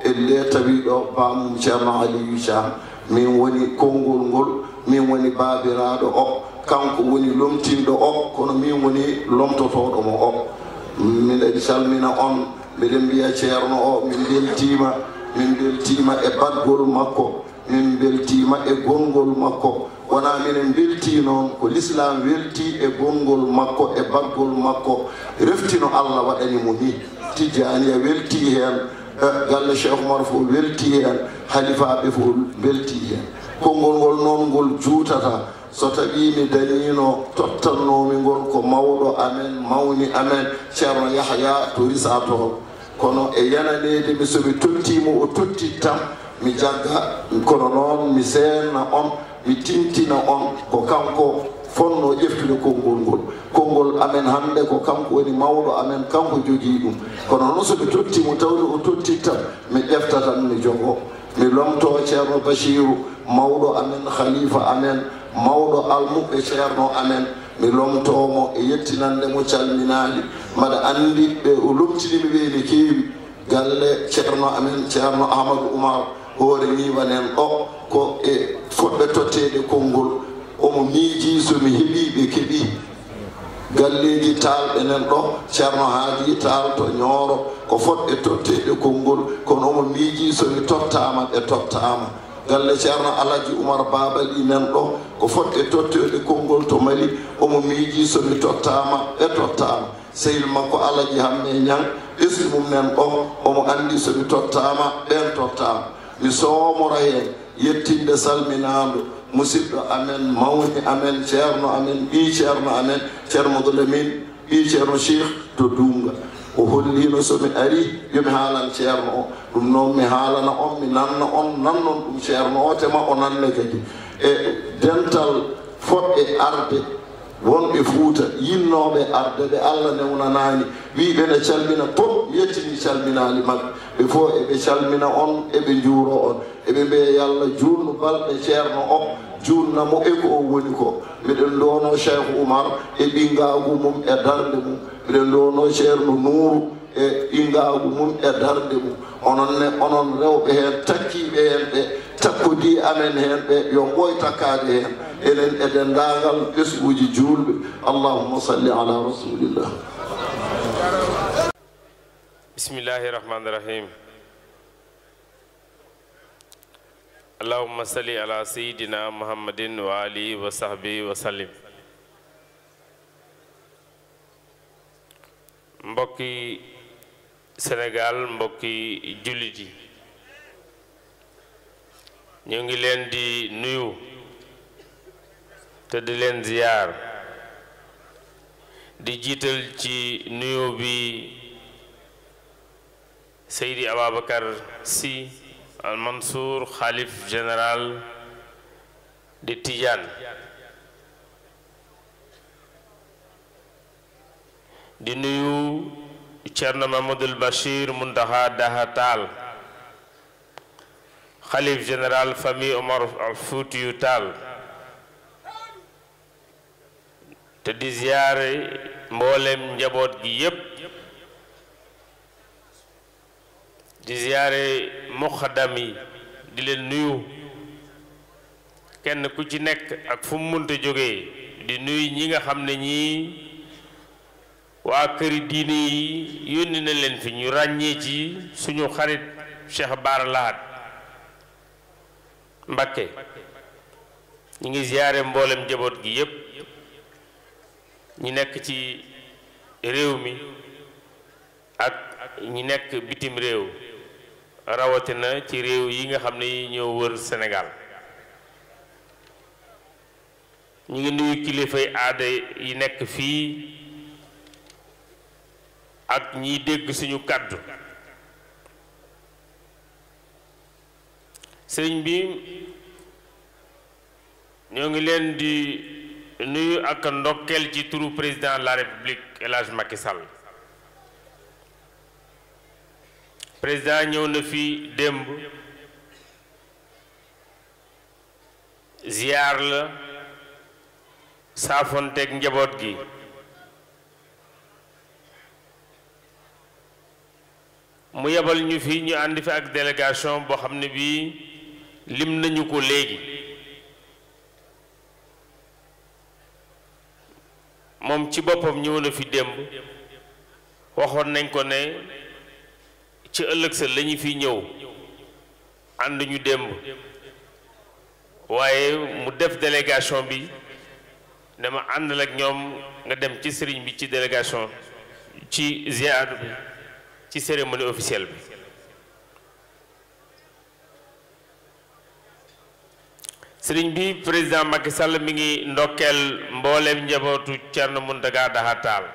elle tawi ɗo bamum ceerno aliyu thiam min woni konngol ngol min woni babiraɗo o kanko woni lomtinɗo o kono min woni lomtotoɗo mo o miɗa salmina on miɗen mbiya ceerno o min beltima min beltima e badgol makko min beltima e gongol makko wona minen belti noon ko l'islam welti e gongol makko e badgol makko reftino allah waɗani mo ni tijaniya welti hen e galle cheikh omar fo welti hen halifaɓe fo belti hen kongol ngol noon ngol juutata so tawi mi daniino tottannomi ngol ko mawɗo amen mawni amen ceerno yahya to risato kono e yananede mi somi tottimo o tottitam mi jagga kono noon mi seenna on mi tintina on ko kanko fonno ƴeftude konngol ngol konngol amen hannde ko kanko woni mawɗo amen kanko jogii ɗum kono noon somi tottimo tawde o tottitam mi ƴeftatan mi jogo mi lomto ceerno bachiru mawɗo amen khalifa amen mawɗo almuɓe ceerno amen mi lomtomo e yettinande mo calminaali mbaɗa anndi ɓe o lomtinimi ɓeyni keewi galle ceerno amen ceerno ahmadou oumar hoore niwanen ɗo ko e fuɗɓe totteɗe konngol omo miiji somi heɓi ɓe keɓi galleji taalɓe nen ɗo ceerno haaji taalto ñooro ko fotɓe totteɗe konngol kono omo miiji somi tottama ɓe tottama galle ceerno alaji oumar babali men ɗo ko fotɗe tottoyɗe konngol to mali omo miiji somi tottama e tottama sehil makko alaji hamme ñan ɓesdi mum nen ɗo omo andi somi tottama ɓen tottama mi soomoro hen yettinde salminando musidɗo amen mawni amen ceerno amen ɓi ceerno amen ceerno modolamin ɓi ceerno cheikh to dunga o hollino somi ari yomi haalan ceerno o ɗum noon mi haalana on mi nanna on nannon ɗum ceerno o tema o nanne kadi e dental foɓɓe arde wonɓe fuuta yinnoɓe arde ɓe allah newnanani wiɓe ne calmina pom yettini calminali mabɓe ɓe fo eɓe calmina on eɓe juuro on eɓe mbiya yallah juurno balɗe ceerno o juutnamo e ko o woni ko miɗen ndono cheikh oumar e ɗingagu mum e darde mum miɗen ndono ceerno nuuru e ɗingagu mum e darde mum onon ne onon rewɓe hen takkiɓe hen ɓe takkudi amen hen ɓe yo ɓoy takkade hen enen e dendagal ɓesguji julɓe allahuma salli ala rasulillah bismillahi rahmani rahim allahumma salli ala sayyidina muhammadin wa alihi wa sahbihi wa sallim mbokki Sénégal mbokki jullit yi ñu ngi leen di nuyu te di leen ziyaar di jiital ci nuyu bi Seydi Ababacar Sy al Mansour xalif général di Tidiane di nuyu Cerno Mamadul Bachir Muntaxa Daha Taal xalif général famille Omar al Fuutiyu Taal te di ziyaare mboolem njaboot gi yépp di ziyaare muxaddam yi di leen nuyu kenn ku ci nekk ak fu mu jógee di nuyu ñi nga xam ne ñii waa këri diine yi yónni na leen fi ñu ràññee ci suñu xarit Cheikh Bara Lahad Mbacké ñi ngi ziyaare mboolem njaboot gi yépp ñi nekk ci réew mi ak ñi nekk bitim réew rawatina ci réew yi nga xam ne ñoo wër senegal ñu ngi nuyu kilifay aada yi nekk fii ak ñiy dégg suñu kàddu sëñ bi ñoo ngi leen di nuyu aka ndokkeel ci turu président la république El Hadj Macky Sall président ñëw na fi démb ziyaar la saafonteeg njaboot gi mu yebal ñu fi ñu ànd fi ak délégation boo xam ne bii lim nañu ko léegi moom ci boppam ñëw na fi démb waxoon nañ ko ne ci ëllëg sa lañu fi ñëw ànd ñu démb waaye mu def délégation bi dama àndal ak ñoom nga dem ci sëriñ bi ci délégation ci ziar bi ci cérémonie officielle bi sëriñ bi président Macky Sall mi ngi ndokkeel mbooleem njabootu Thierno Mountaga Daha taal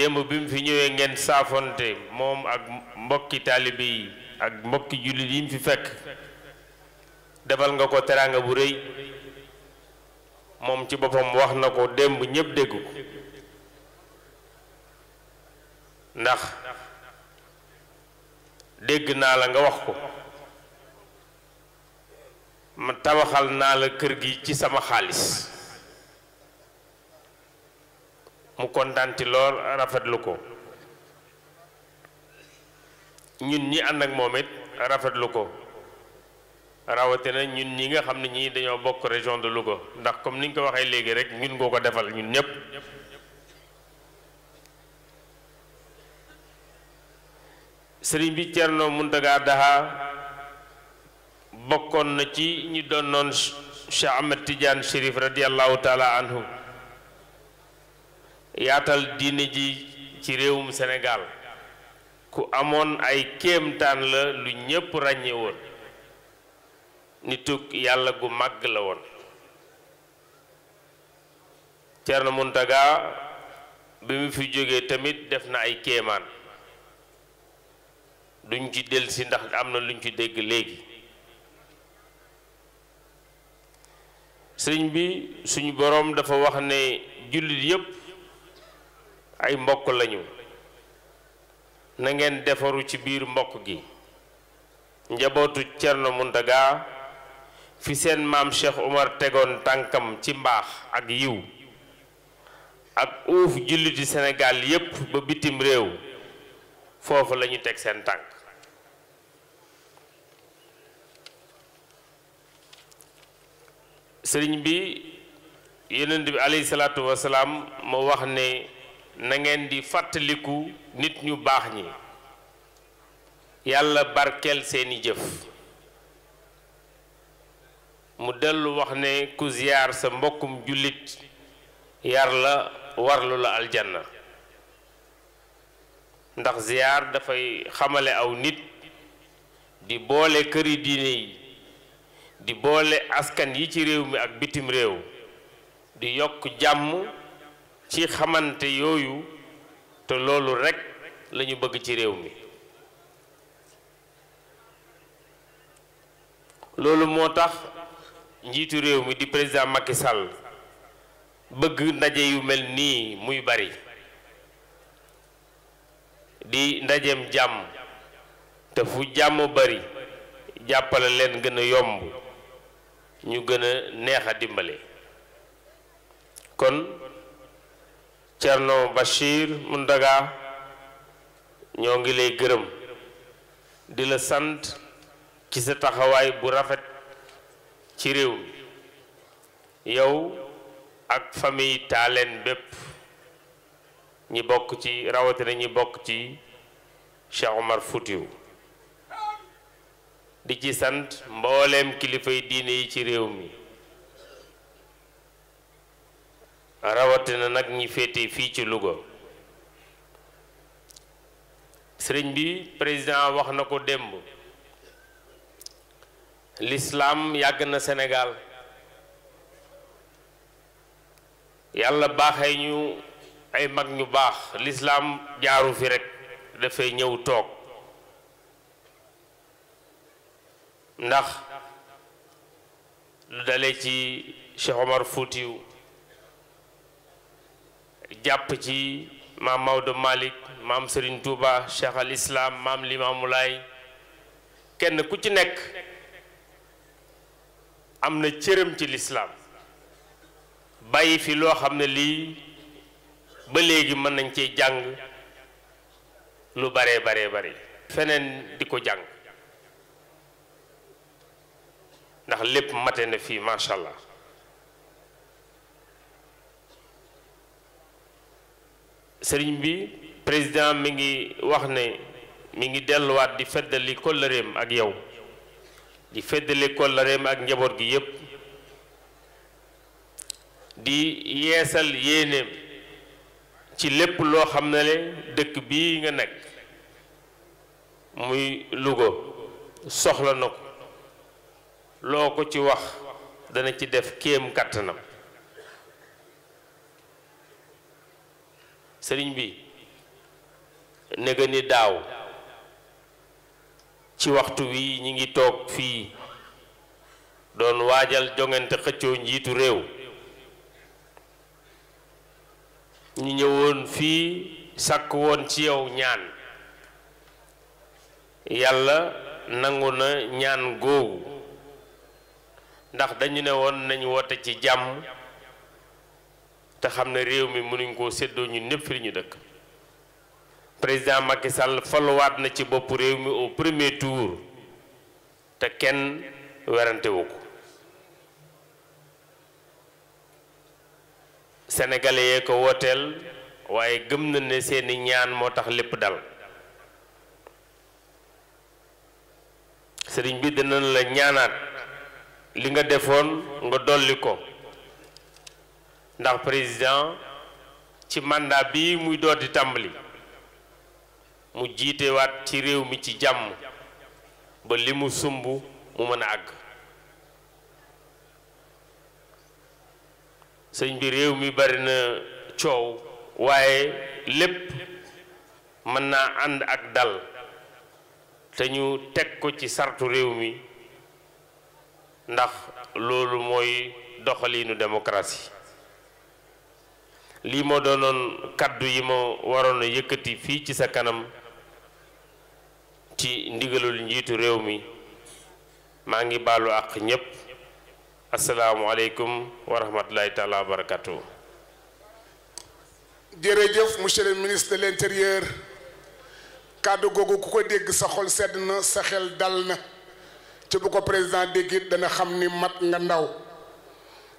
démb bi mu fi ñëwee ngeen saafonte moom ak mbokki taalibe yi ak mbokki jullit yi mu fi fekk defal nga ko teraanga bu rëy moom ci boppam wax na ko démb ñépp dégg ko ndax dégg naa la nga wax ko ma tabaxal naa la kër gi ci sama xaalis mu kontaan ci lool rafetlu ko ñun ñi and ak momit it rafetlu ko na ñun ñi nga xamni ñi dañoo bok région de lugo ndax comme niñ ko waxee léegi rek ñun goko defal ñun ñep serigne bi Thierno muntaga Daha na ci ñi don non Cheikh Ahmed Tidiane radiyallahu taala anhu yaatal diine ji ci réewum senegal ku amon ay kéemtaan la lu ñépp ràññe woon nituk yàlla gu màgg la woon Thierno muntaga bi mu fi jógee tamit def na ay kéemaan duñ ci delsi ndax am na luñ ci dégg léegi sëriñ bi suñu borom dafa wax ne jullit yépp ay mbokk lañu na ngeen defaru ci biir mbokk gi njabootu Cerno Muntaga fi seen maam Cheikh Umar tegoon tànkam ci mbaax ak yiw ak uuf julliti Sénégal yépp ba bitim réew foofu lañu teg seen tànk sëriñ bi yonent bi alayhi salaatu wasalaam wax ne na ngeen di fàttaliku nit ñu baax ñi yàlla barkel seeni jëf mu dellu wax ne ku ziar sa mbokkum jullit yar la warlu la aljanna ndax ziar dafay xamale aw nit di boole këri diine yi di boole askan yi ci réew mi ak bitim réew di yokk jàmm ci xamante yooyu te loolu rekk lañu bëgg ci réew mi loolu moo tax njiitu réew mi di président Macky Sall bëgg ndaje yu mel nii muy bari di ndajeem jàmm te fu jàmm bari jàppale leen gëna yomb ñu gën a neex a dimbale kon Cerno Bachir ndaga ñoo ngi lay gërëm di la sant ci sa taxawaay bu rafet ci réew mi yow ak famille taaleen bépp ñi bokk ci rawatina ñi bokk ci Cheikh Omar Foutiou di ci sant mbooleem kilifa yi diine yi ci réew mi rawatina nag ñi féete fii ci Louga sëriñ bi président wax na ko démb lislaam yàgg na Sénégal yàlla baaxee ñu ay mag ñu baax lislaam jaaru fi rekk dafay ñëw toog ndax lu dale ci Cheikh Omar Foutiou jàpp ci maam Maodo malik maam Serigne Touba Cheikh al Islam maam Limaamu kenn ku ci nekk am na cëram ci lislaam bàyyi fi loo xam ne lii ba léegi mën nañ cee jàng lu baree baree bare feneen di ko jàng ndax lépp mate na fii macha allah. sëriñ bi président mi ngi wax ne mu ngi delluwaat di feddali kóllëreem ak yow di feddali kóllëreem ak njaboot gi yépp di yeesal yéeneem ci lépp loo xam ne le dëkk bii nga nekk muy Louga soxla na ko loo ko ci wax dana ci def kéem kàttanam sëriñ bi nega ni daaw ci waxtu wii ñi ngi toog fii doon waajal jongante xëccoo njiitu réew ñu ñëwoon fii sàkk woon ci yow ñaan yàlla nangu na ñaan googu ndax dañu ne woon nañ woote ci jàmm te xam ne réew mi mënuñ koo séddoo ñu ñëpp fi ñu dëkk président Macky Sall faluwaat na ci bopp réew mi au premier tour te kenn werantewu ko senegale yee ko woteel waaye gëm na ne seeni ñaan moo tax lépp dal sëriñ bi dinañ la ñaanaat li nga defoon nga dolli ko ndax président ci màndaa bi muy door di tàmbali mu jiitewaat ci réew mi ci jàmm ba li mu sumb mu mën a àgg sëñ bi réew mi bari na coow waaye lépp mën naa ànd ak dal te ñu teg ko ci sartu réew mi ndax loolu mooy doxaliinu démocratie lii moo doonoon kàddu yi ma waroon a yëkkati fii ci sa kanam ci ndigalul njiitu réew mi maa ngi baalu àq ñépp asalaamualeykum wa rahmatulahi taala wa barakatu jërëjëf monsieur ministre l'intérieur kàddu googu ku ko dégg sa xol sedd na sa xel dal na ci bu ko président dégg it dana xam ni mat nga ndaw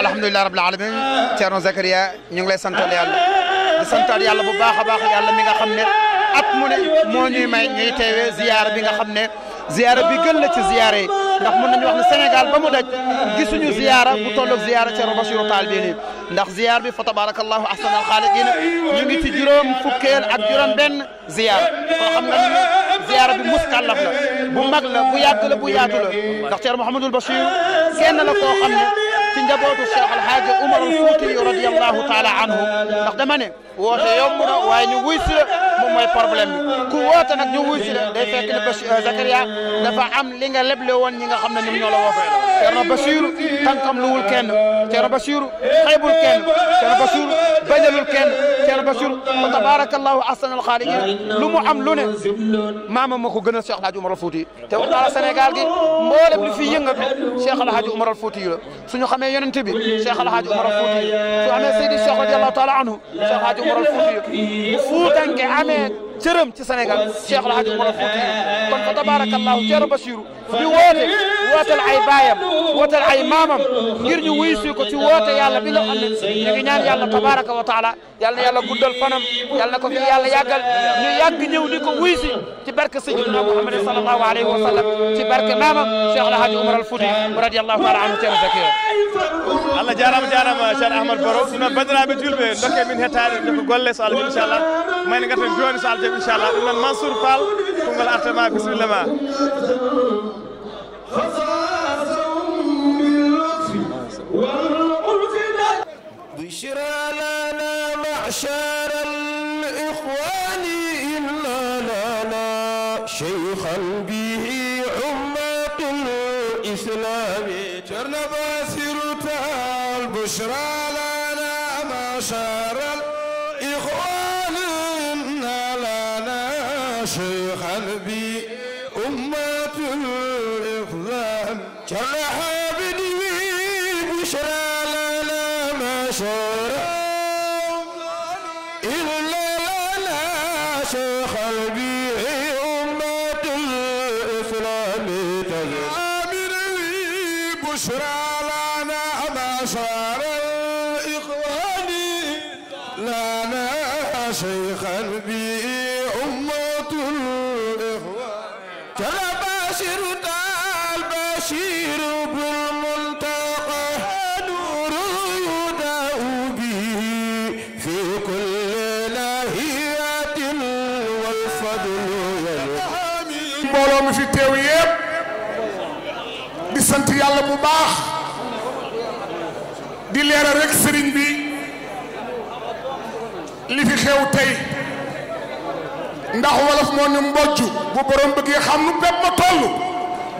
alhamdulilah rabbil alamin Thierno Zakaria ñu ngi lay santal yàlla di santal yàlla bu baax a baax yàlla mi nga xam ne at mu ne moo ñuy may ñuy teewee ziyaara bi nga xam ne ziyaara bi gën la ci ziyaara yi ndax mën nañu wax ne Sénégal ba mu daj gisuñu ziyaara bu tolloog ziyaara Thierno Bassirou Tall bii nii ndax ziyaar bi fa tabarakallahu ahsan al xaaliqin ñu ngi ci juróom fukkeel ak juróom benn ziyaar koo xam nga ziyaara bi muskàllaf la bu mag la bu yàgg la bu yaatu la ndax Thierno Mouhamadul Bachir kenn la koo xam ne تنجبوت الشيخ الحاج عمر أيوة، الفوتي أيوة، رضي أيوة، الله تعالى عنه نخدمني وهذا يوم وهاي نويسر موماي بروبليم كوات انا نويسر دي فيك زكريا دفع عم لينغا لبلوون نيغا خامنا نيم نولا وفا تيرا بشير تانكم لول كين تيرا بشير خيب كين تيرا بشير بدل كين تيرا بشير تبارك الله احسن الخالقين لومو ام لوني ماما مكو غنا الشيخ الحاج عمر الفوتي تي وخنا السنغال دي أمي ينتبه شيخ الحاج عمر الفوتي أمي سيدي الشيخ رضي الله تعالى عنه شيخ الحاج عمر الفوتي فوتا كعمل جرم في السنغال شيخ الحاج مولاي فوتي كن فتبارك الله جرم بشيرو في واتي واتي العيبايم واتي العيمامم غير ني ويسي كو تي واتي يالا بلا امين نغي نان يالا تبارك وتعالى يالا يالا غودال فنم يالا كو في يالا ياغال ني ياغ نيو ديكو ويسي تي بركه سيدنا محمد صلى الله عليه وسلم تي بركه مامم شيخ الحاج عمر الفوتي رضي الله تعالى عنه تي زكيه الله جارام جارام شان احمد فاروق سنا بدنا بتولبي دوكي من هتاري دوكو غولي سالم ان شاء الله ماي نغاتن جوني سالم ان شاء الله من منصور فال كم الاتما بسم الله بشرى لنا معشر البشير بالملتقى نور يداء به في كل ناهية والفضل يلقى mbooloo mi fi teew yépp di sant yàlla bu baax di leeral rek sëriñ bi li fi xew tey ndax wolof moo ni mbojj bu borom bëggee xam nu bépp ma toll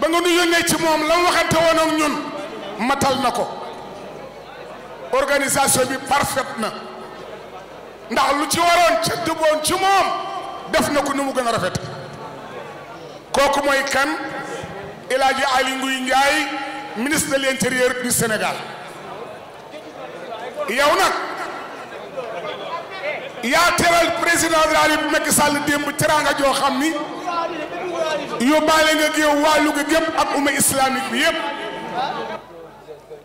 ba nga nu yónnee ci moom la waxante woon ak ñun matal na ko organisation bi parfaite na ndax lu ci waroon ca dëboon ci moom def na ko nu mu gën a rafet kooku mooy kan El Hadji Aly Ngouille Ndiaye ministre l'intérieur du Sénégal yow nag yaa teral président de la République Macky Sall démb teraanga joo xam ni yóbbaale nga géew waa Louga gépp ak umma islamique bi yëpp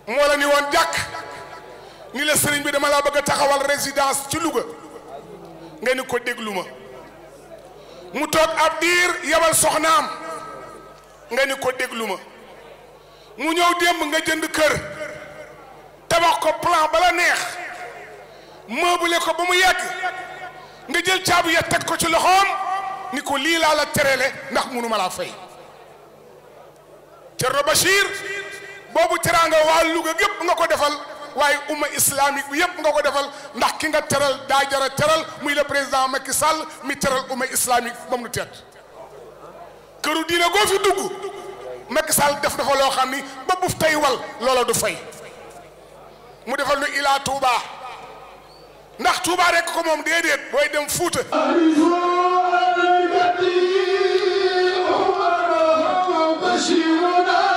moo la ni woon jàkk ni la sëriñ bi dama laa bëgg a résidence ci Louga nga ni ko déglu ma mu toog ab diir yabal soxnaam nga ni ko déglu ma mu ñëw démb nga jënd kër tabax ko plan bala neex meubler ko ba mu yàgg nga jël caabi ya teg ko ci loxoom ni ko lii laa la terele ndax munuma laa fay Thierno Bachir boobu teraanga waa Louga yëpp nga ko defal waaye umma islamique bi yëpp nga ko defal ndax ki nga teral daa jara teral muy le président Macky Sall mi teral umma islamique moom nu teet këru diine goo fi dugg Macky Sall def dafa loo xam ni ba buf tey wal loola du fay mu defal nu ilaa Touba ndax Touba rek ko moom déedéet booy dem Fuuta الذي هو بشيرنا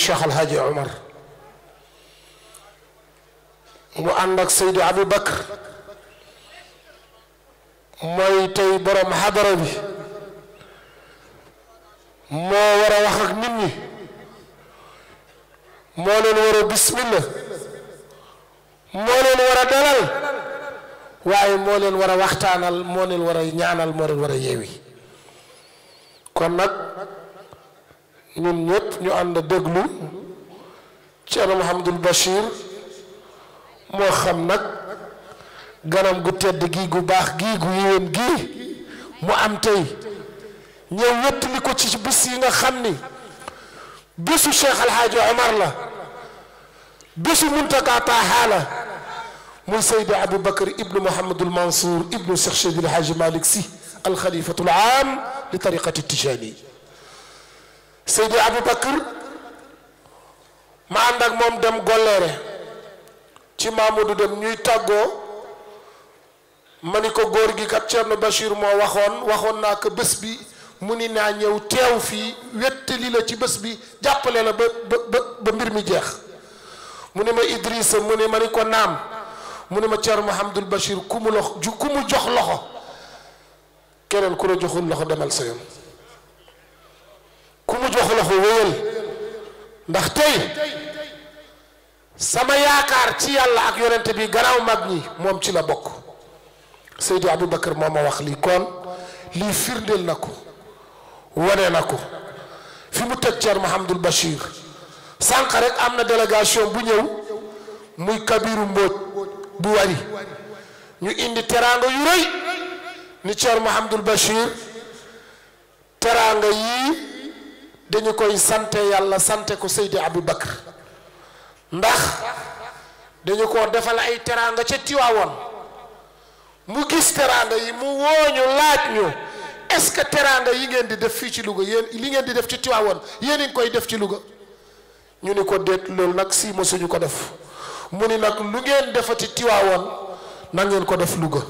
الشيخ الهادي عمر وعندك سيدي أبي بكر مايتي برم حضربي ما ورا وخك مني ما لن ورا بسم الله ما لن ورا دلال واي ما لن ورا وقتان ما لن ورا ينعن ما لن ورا يوي كونك ñun ñëpp ñu ànd déglu Thierno Mouhamadul Bachir moo xam nag ganam gu tedd gi gu baax gi gu yéwén gi mu am tey ñëw wéttali ko ci bis yi nga xam ni bésu Cheikh Alhaaji Omar la bésu Muntaka Taaha la muy Seydi Aboubacar ibnu Mouhamadul Mansour ibnu Cheikh Seydil Haaji Malick Sy alxalifatul aam li tariqati tijaani Seydi Abou Bakr ma ànd ak moom dem golleere ci du dem ñuy tàggoo ma ni ko góor gi kat Thierno Bachir moo waxoon waxoon naa ko bés bi mu ni naa ñëw teew fii wettali la ci bés bi jàppale la ba ba ba mbir mi jeex mu ne ma Idrissa mu ne ma ni ko naam mu ne ma Thierno Mouhamadul Bachir ku mu lox ku mu jox loxo kereen ku la joxul loxo demal sa yoon ku mu jox loxo wéyal ndax tey sama yaakaar ci yàlla ak yonent bi gannaaw mag ñi moom ci la bokk Seydi Aboubacar moo ma wax lii kon lii firndeel na ko wane na ko fi mu teg Thierno Mouhamadul Bachir sànq rek am na délégation bu ñëw muy Kabiru Mbodj bu wari ñu indi teraanga yu rëy ni Thierno Mouhamadul Bachir teraanga yii. dañu koy sante yàlla sante ko Seydi Abou Bakr ndax dañu ko defal ay teraanga ci Tiwaawoon mu gis teraanga yi mu wooñu laaj ñu est-ce que teraanga yi ngeen di def fii ci Louga yéen li ngeen di def ci Tiwaawoon yéen a ngi koy def ci Louga ñu ni ko déet loolu nag sii ma ko def mu ni nag lu ngeen defati Tiwaawoon na ngeen ko def Louga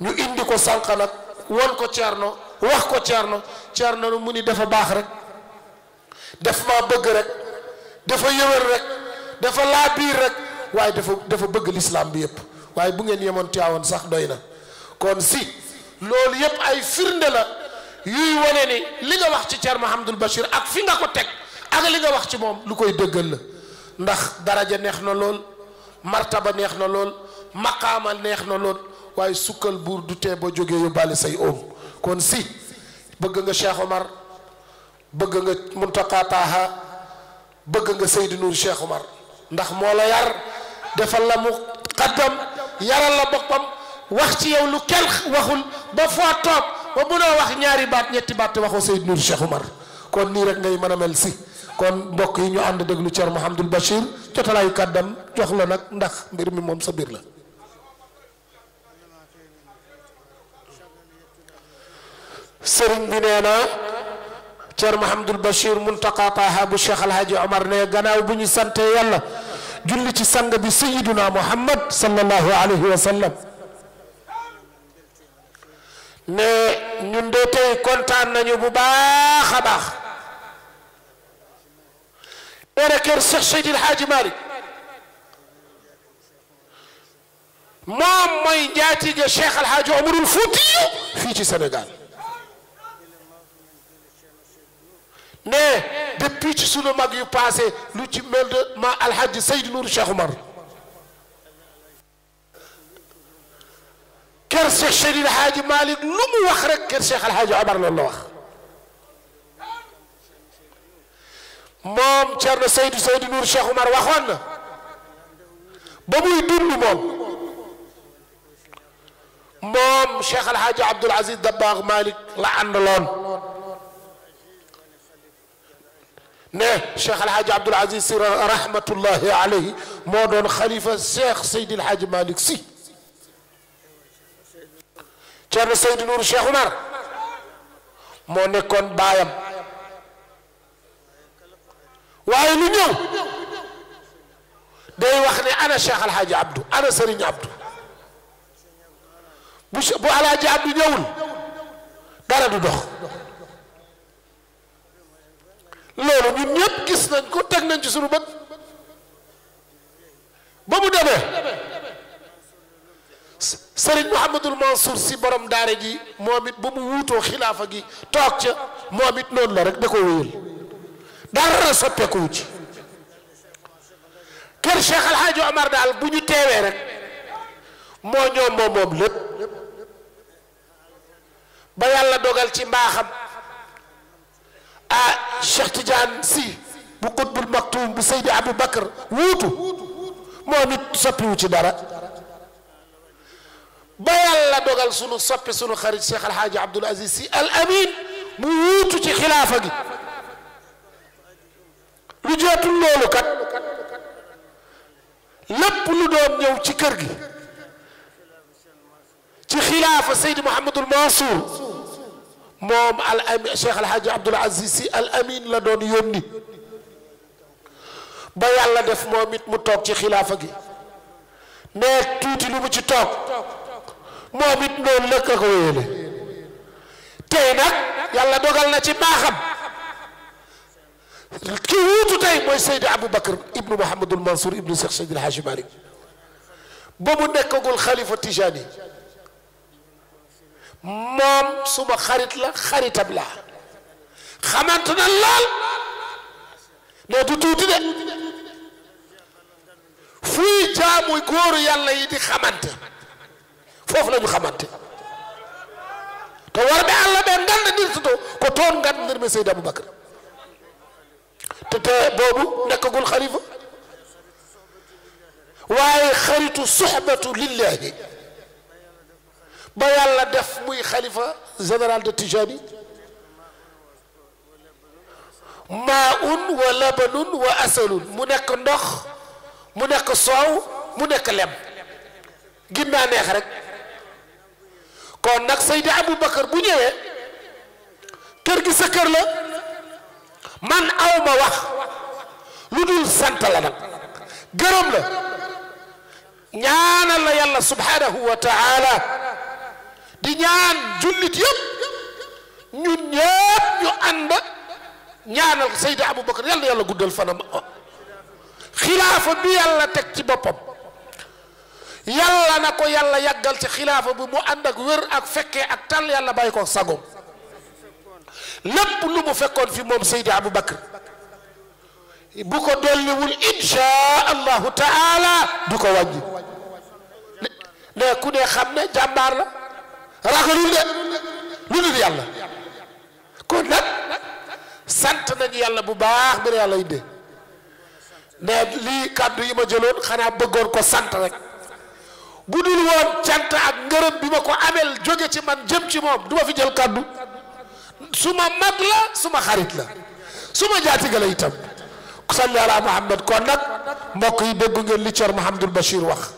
ñu indi ko sànq nag won ko Thierno wax ko Thierno Thierno mu ni dafa baax rek. daf maa bëgg rek dafa yëwër rek dafa laa biir rek waaye dafa dafa bëgg lislaam bi yëpp waaye bu ngeen yemoon awoon sax doy na kon si loolu yëpp ay firnde la yuy wane ni li nga wax ci Thierno Mouhamadul Bachir ak fi nga ko teg ak li nga wax ci moom lu koy dëggal la ndax daraja neex na lool martaba neex na lool maqaama neex na lool waaye sukkal buur du tee ba jógee yóbbaale say oom kon si bëgg nga Cheikh Omar bëgg nga Muntaqa Taaha bëgg nga Seydi Nuur Cheikh Omar ndax moo la yar defal la mu xaddam yaral la boppam wax ci yow lu kenn waxul ba foo toog ba mënoo wax ñaari baat ñetti baat te waxoo Seydi Nuur Cheikh kon nii rek ngay mën a mel si kon mbokk yi ñu ànd déglu Thierno Mouhamadul Bachir jotalaayu kàddam jox la nag ndax mbir mi moom sa biir la. sëriñ bi nee Ceer Mouhamadul bashir Muntaqa Taha bu Cheikh al hadji Omar ne ganaw buñu sante yàlla julli ci sang bi sayyiduna mohammed sallallahu alayhi wa sallam ne ñun de tay kontaan nañu bu baakha a baax. nee na kër Cheikh Seydil Hadji mom moy mooy je Cheikh El Hadj Omarul Fuutiyu fi ci Sénégal. ne depuis ci sunu mag yu passé lu ci mel de ma alxaaji Seydou nour Cheikh Omar kër Cheikh Seydil Haaji malik lu mu wax rek kër Cheikh Alhaaji Omar loolu wax mom Thierno Seydou Seydou nour Cheikh Omar waxon na ba muy dund mom mom Cheikh Alhaaji abdul Aziz Dabakh malik la andalon نه شيخ الحاج عبد العزيز رحمة الله عليه مودون خليفة الشيخ سيد الحاج مالك سي كان سيد نور الشيخ عمر مو نيكون بايام واي لي نيو داي انا شيخ الحاج عبد انا سيرين عبد بو الحاج عبد نيول دارا دو دوخ loolu ñun ñëpp gis nañ ko teg nañ ci suñu bët ba mu demee Serigne Mouhamadul Mansour si borom daare ji moom it ba mu wuutoo xilaafa gi toog ca moom it noonu la rek da ko wéyal dara soppeeku ci kër Cheikh Al Hadj Omar daal bu ñu teewee rek moo ñoom moom moom lépp ba yàlla dogal ci mbaaxam. آه، شيخ تيجان سي بو قطب المكتوم بو ابو بكر ووتو مومن سوبيو سي دارا با يالا دوغال سونو سوبي سونو خريج شيخ الحاج عبد العزيز سي الامين مو ووتو سي خلافه جي. lu jotul lolu kat lepp lu doon ñew ci kër gi ci khilafa sayyid موم الامين شيخ الحاج عبد العزيز الامين لا دون يوني با يالا ديف موميت مو توك سي خلافه جي توتي لو سي توك موميت نون لا كاكو ويلي تاي نك يالا دوغال نا سي باخام كي ووتو تاي موي سيد ابو بكر ابن محمد المنصور ابن الشيخ سيد الحاج مالك بومو نيكغول خليفه تيجاني moom suma xarit la xaritab laa xamante na lool mais du tuuti de fuy jaamu góoru yàlla yi di xamante foofu la ñu xamante to warɓe allah ɓe ngannda ndirtuto ko toon nganndandirmi seydi aboubacry te te boobu nekkagul xalifa waaye xaritu sohbatu lillahi ba yàlla def muy xalifa général de Tijani maa un wa labanun wa asalun mu nekk ndox mu nekk soow mu nekk lem ginnaa neex rek kon nag Seydi Aboubacar bu ñëwee kër gi sa kër la man aw ma wax lu dul sant la nag gërëm la ñaanal la yàlla subhanahu wa taala di ñaan jullit yépp ñun ñépp ñu ànd ñaanal sayda bakr yàlla yàlla guddal fanam xilaafa bi yàlla teg ci boppam yàlla na ko yàlla yàggal ci xilaafa bi mu ànd ak wér ak fekkee ak tal yàlla bàyyi ko sagom lépp lu mu fekkoon fi moom sayda abubakar bu ko wul insha allahu taala du ko wàññi ne ku ne xam ne la raxalul de lu dul yàlla kon nag sant nañu yàlla bu baax bi yàlla indee ne lii kàddu yi ma jëloon xanaa bëggoon ko sant rek bu dul woon cant ak ngërëm bi ma ko amel jóge ci man jëm ci moom du ma fi jël kàddu su ma mag la su ma xarit la su ma jaatiga la itam salli ala Muhammad kon nag mbokk yi déggu ngeen li Thierno Mouhamadul Bachir wax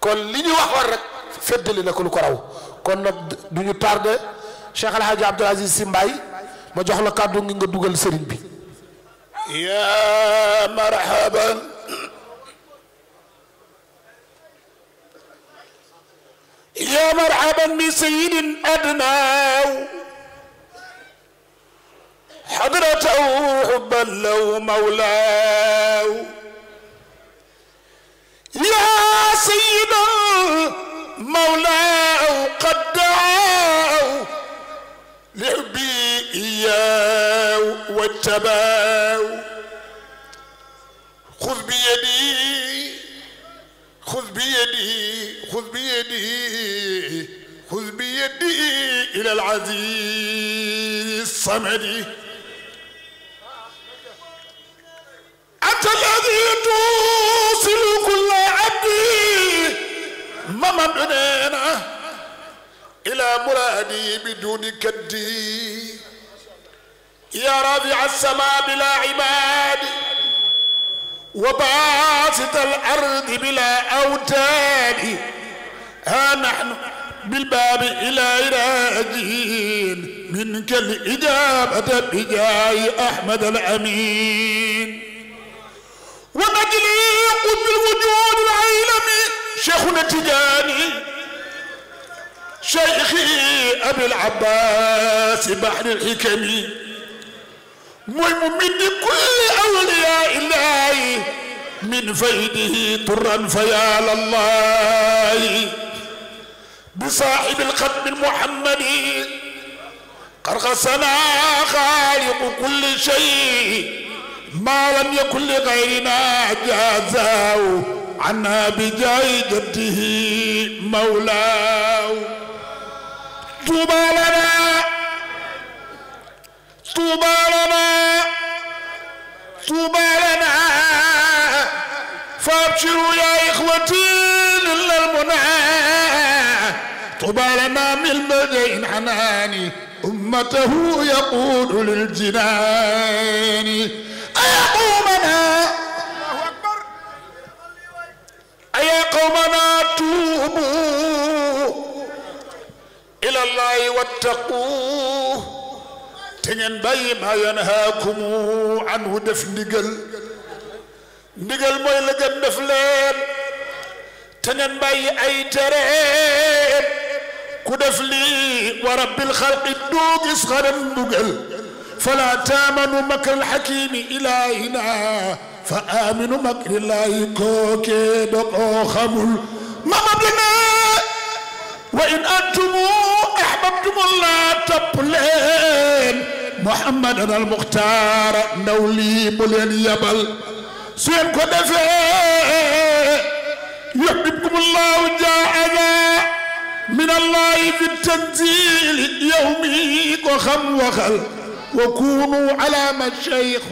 kon li ñu waxoon rek feddali na ko lu ko raw kon nag du ñu tardé Cheikh El Hadj Abdoul Aziz Sy Mbaye ma jox la kàddu ngi nga dugal sëriñ bi ya marhaban ya marhaban bi sayyidin adnaaw xadrataw xubban law mawlaaw ya sayyidan mawlaaw ودعوا لحبي إياه واتبعوا خذ بيدي خذ بيدي خذ بيدي خذ بيدي إلى العزيز الصمد أنت الذي توصل كل عبد ممدنا إلى مرادي بدون كدي يا رافع السماء بلا عماد وباسط الأرض بلا أوتاد ها نحن بالباب إلى إراجين منك الإجابة بجاي أحمد الأمين ونجلي بالوجود العالمي شيخنا تجاني شيخي أبي العباس بحر الحكم والممد كل أولياء الله من فيده طرا فيا لله بصاحب الختم المحمدي قرغسنا خالق كل شيء ما لم يكن لغيرنا جازاه عنا بجاه جده مولاه طوبى لنا طوبى لنا طوبى لنا فابشروا يا إخوتي للمنى طوبى لنا من بدين حناني أمته يقول للجنان أيا قومنا أيا قومنا توبوا ilallahi wattaquuh te ngeen bàyyi ma yanhaakum anhu def ndigal ndigal mooy la gën def leen te ngeen bàyyi ay tereem ku def lii wa rabbil xalqi doo gis xaram ndugal falaa taamanu makra alxakimi ilaahina fa aaminu makrillahi kookee doo ko xamul mamadu ne وإن أنتم أحببتم الله تبلين محمد المختار نولي بلين يبل سين كدفة يحببكم الله جاء من الله في التنزيل يومي وخم وخل وكونوا على ما الشيخ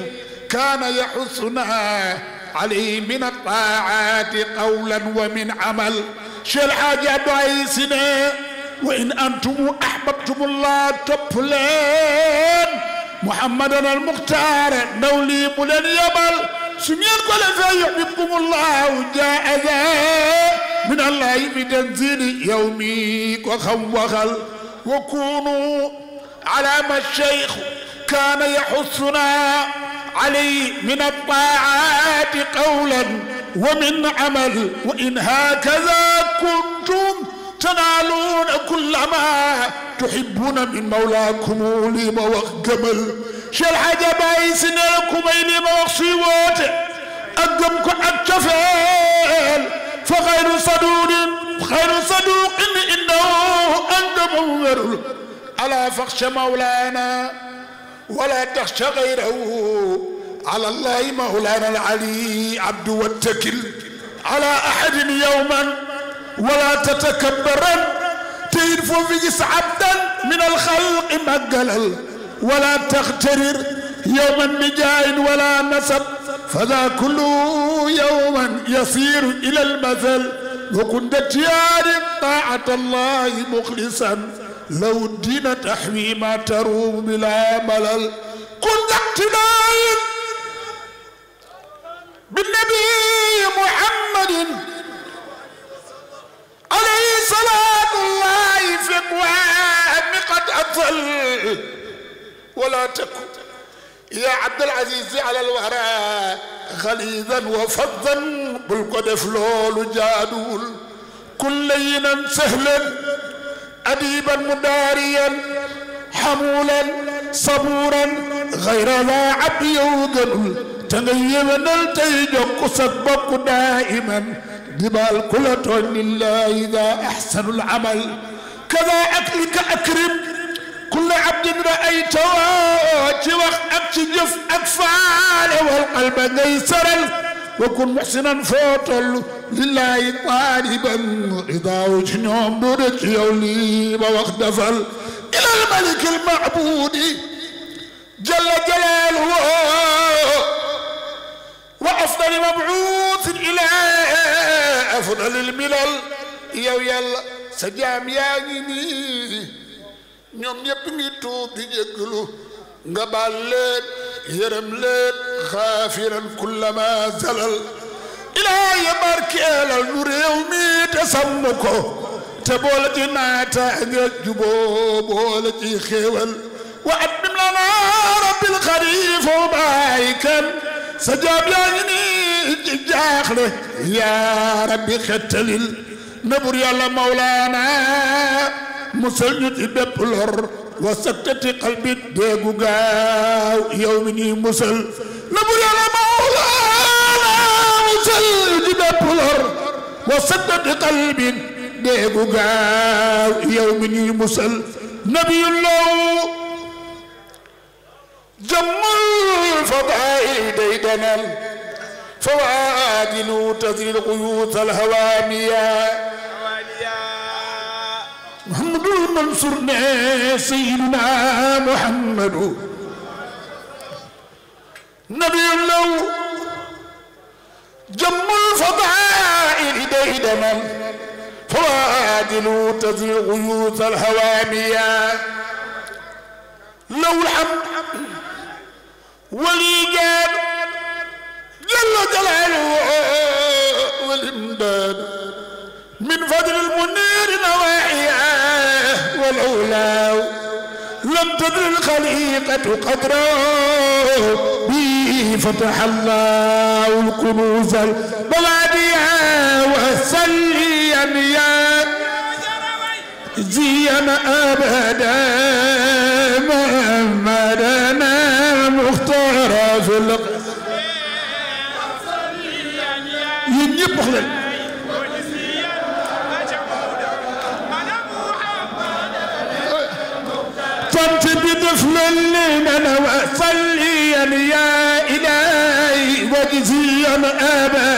كان يحثنا عليه من الطاعات قولا ومن عمل شل الحاج عبد عيسنا وإن أنتم أحببتم الله تبلين محمدا المختار نولي بلن يبل سمير قال يحببكم الله جاء من الله بتنزيل يومي وخل وكونوا على ما الشيخ كان يحثنا علي من الطاعات قولا ومن عمل وإن هكذا كنتم تنالون كل ما تحبون من مولاكم لما وقمل شل حاجة بايس لكم لما وقصيوات أقمكم أكتفال فخير صدور خير صدوق إنه أنت منذر ألا فخش مولانا ولا تخشى غيره على الله مولانا العلي عبد واتكل على أحد يوما ولا تتكبرا تنفو في عبدا من الخلق مقلل ولا تغترر يوما بجاه ولا نسب فذا كل يوما يصير إلى المثل وكنت تيار طاعة الله مخلصا لو دين تحويما تروم بلا ملل كن اقتداء بالنبي محمد عليه صلاة الله في قوام قد أطل ولا تكن يا عبد العزيز على الورى غليظا وفظا بالقدف لول جادول كلينا سهلا أديبا مداريا حمولا صبورا غير ذا عبد يوغل تغيبا التيجك سبك دائما دبال كلة لله إذا أحسن العمل كذا أكلك أكرم كل عبد رأيته وجوخ أكتجف أكفال والقلب غيسرا وكن محسنا فوتل لله طالبا رضا وجنهم دودك يوليب واختفل إلى الملك المعبود جل جلاله وأفضل مبعوث إلى أفضل الملل يا ويلا سجام يا نيني نيوم يبني توب قبل لين يرم لين غافرا كل ما زلل إلى يبارك إلى النور يومي تسمكو تبول جنا تهجب بول خيول وأدم لنا رب الخريف وبايكا سجاب يعني جاخله يا رب ختلل نبري الله مولانا مسجد تبب وسكتي قلبي ديغو غاو يومني مسل نبو يالا مولانا مسل جباب الهر وسكتي قلبي ديغو غاو يومني مسل نبي الله جم الفضائل ديدنا فوادل تزيل القيوس الهواميه اللهم انصرنا سيدنا محمد نبي الله جم الفضائل ديدما فوادل تزيغ غيوث الهوامية لو الحمد والإيجاب جل جلاله والإمداد من فضل المنير نواحيها العلا لم تدر الخليقة قدره به فتح الله الكنوز البوادية وسلم يا زين أبدا محمدنا مختار في القصر يجيب خلال وقفت بطفل لمن صلي يا إلهي وجزيا أبدا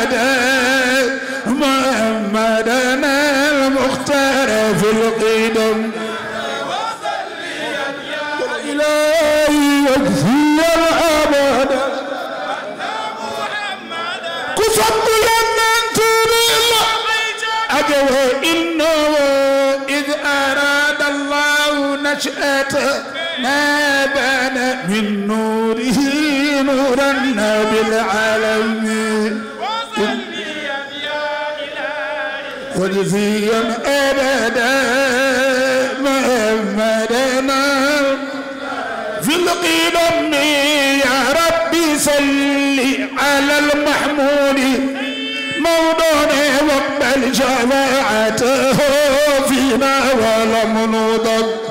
فجأة ما بان من نوره نورا بالعالمين وجزيا أبدا محمدنا في القدم يا ربي صل على المحمود موضوعنا وقبل جماعته فينا ولم نضل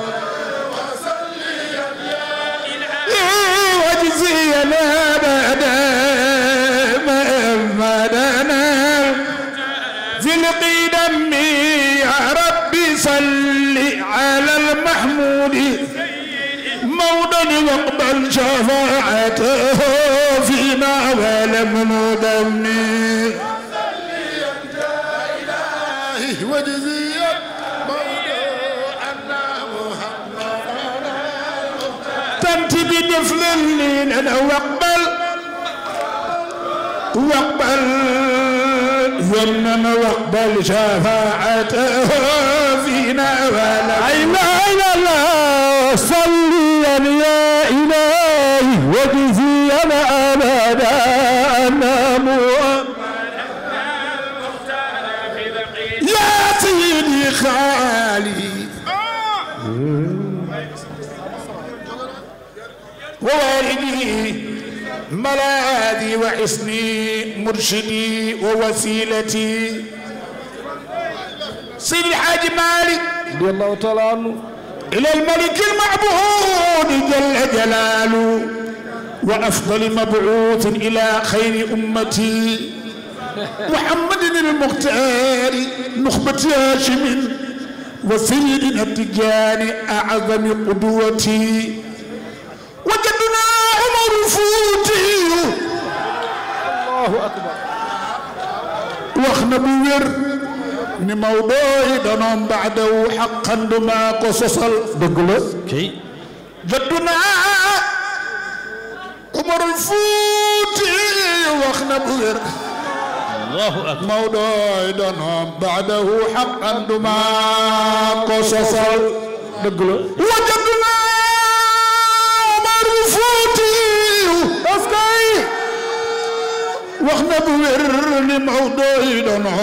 شفاعته فيما ولم مدمني وصليا يا إلهي واقبل واقبل يمنا واقبل شفاعته فينا ولا لا اله الله صل ليجزين آباءنا يا سيدي خالي ووالدي ملاذي وحسني مرشدي ووسيلتي سيدي الحاج مالك رضي الله تعالى عنه إلى الملك المعبود جل جلاله وأفضل مبعوث إلى خير أمتي محمد المختار نخبة هاشم وسيدنا التجان أعظم قدوتي وجدنا عمر فوتي الله أكبر واخنا بوير من موضوع بعده حقا دما قصص الدقلس جدنا umarul fuuti wax na bu wér mawdooy donoom baadahu xaqan duma ko sosal dëgg la wajaduna واخنا بوير لموضوعنا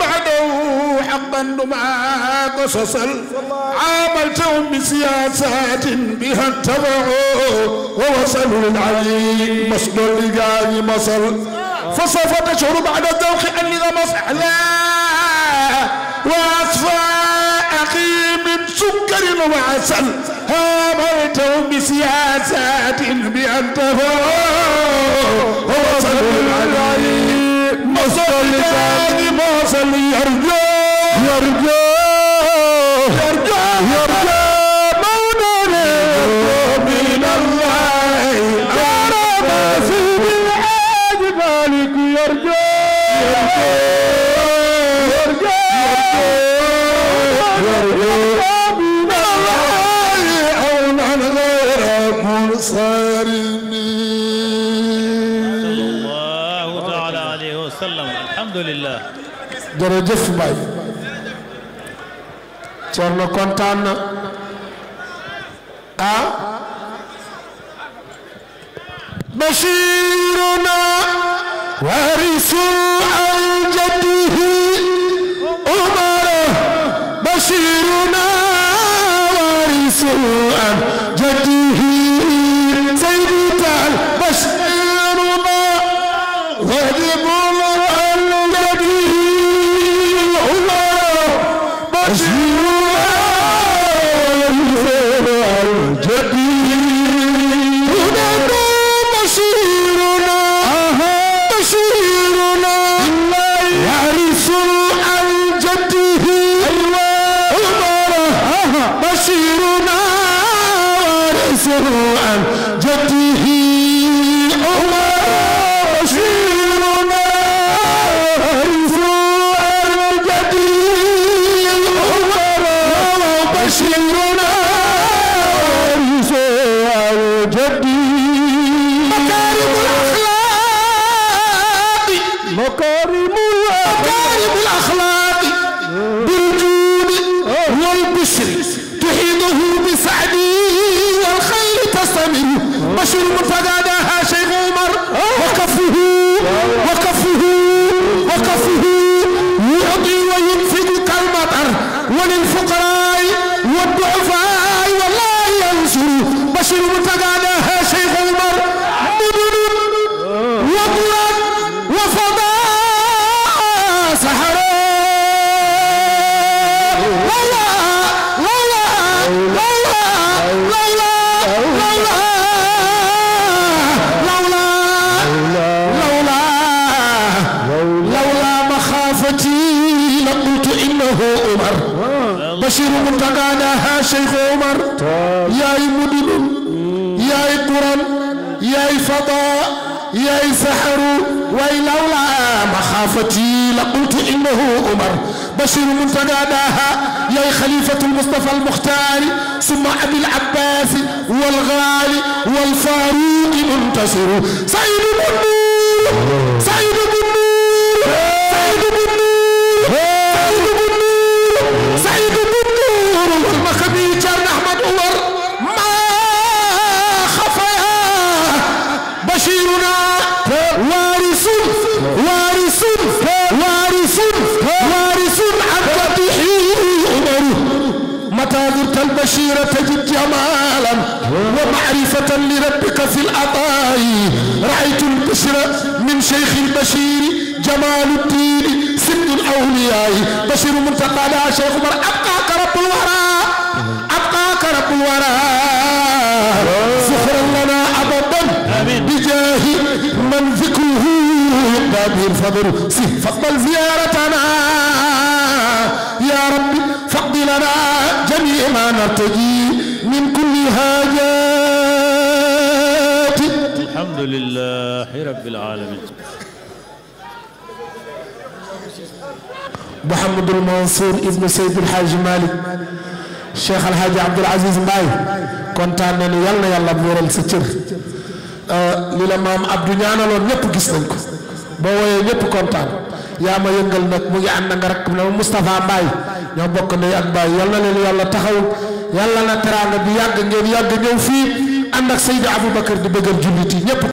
بعده حقا مع قصص عاملتهم بسياسات بها اتبعوا ووصلوا للعلي مصدر لقاي مصر فسوف تشعر بعد الذوق اني لمصح لا واصفى اخي سكر وعسل هابيته بسياسات بأنته هو صلى العلي مصر لسان مصر يرجو يرجو jërëjëf Mbaye Thierno kontaan na ah Bashiruna warisu an jaddihi Umara Bashiruna warisu an jaddihi اخلاق بشير منتدى داها يا خليفة المصطفى المختار ثم أبي العباس والغالي والفاروق منتصر سيد النور في العطاء رأيت البشر من شيخ البشير جمال الدين سد الأولياء بشير منتقى لا شيخ عمر أبقاك رب الورى أبقاك رب الورى سخرا لنا أبدا بجاه من ذكره قابل فضل فاقبل زيارتنا يا رب فاقضي لنا جميع ما نرتجي من كل هاجات الحمد لله رب العالمين محمد المنصور ابن سيد الحاج مالك الشيخ الحاج عبد العزيز ماي كنت انا يلا يلا بورال سيتر ا ليلا مام عبد نيانا لو نيب غيس نكو با وي نيب كونتان يا ما ينغال نك موغي اندك رك مصطفى ماي ño bokk ne ak baay yalla leen yalla taxaw yalla na teranga bi yag ngeen yag ñew fi ànd ak Seydou Aboubacar di bëggal jullit yi ñépp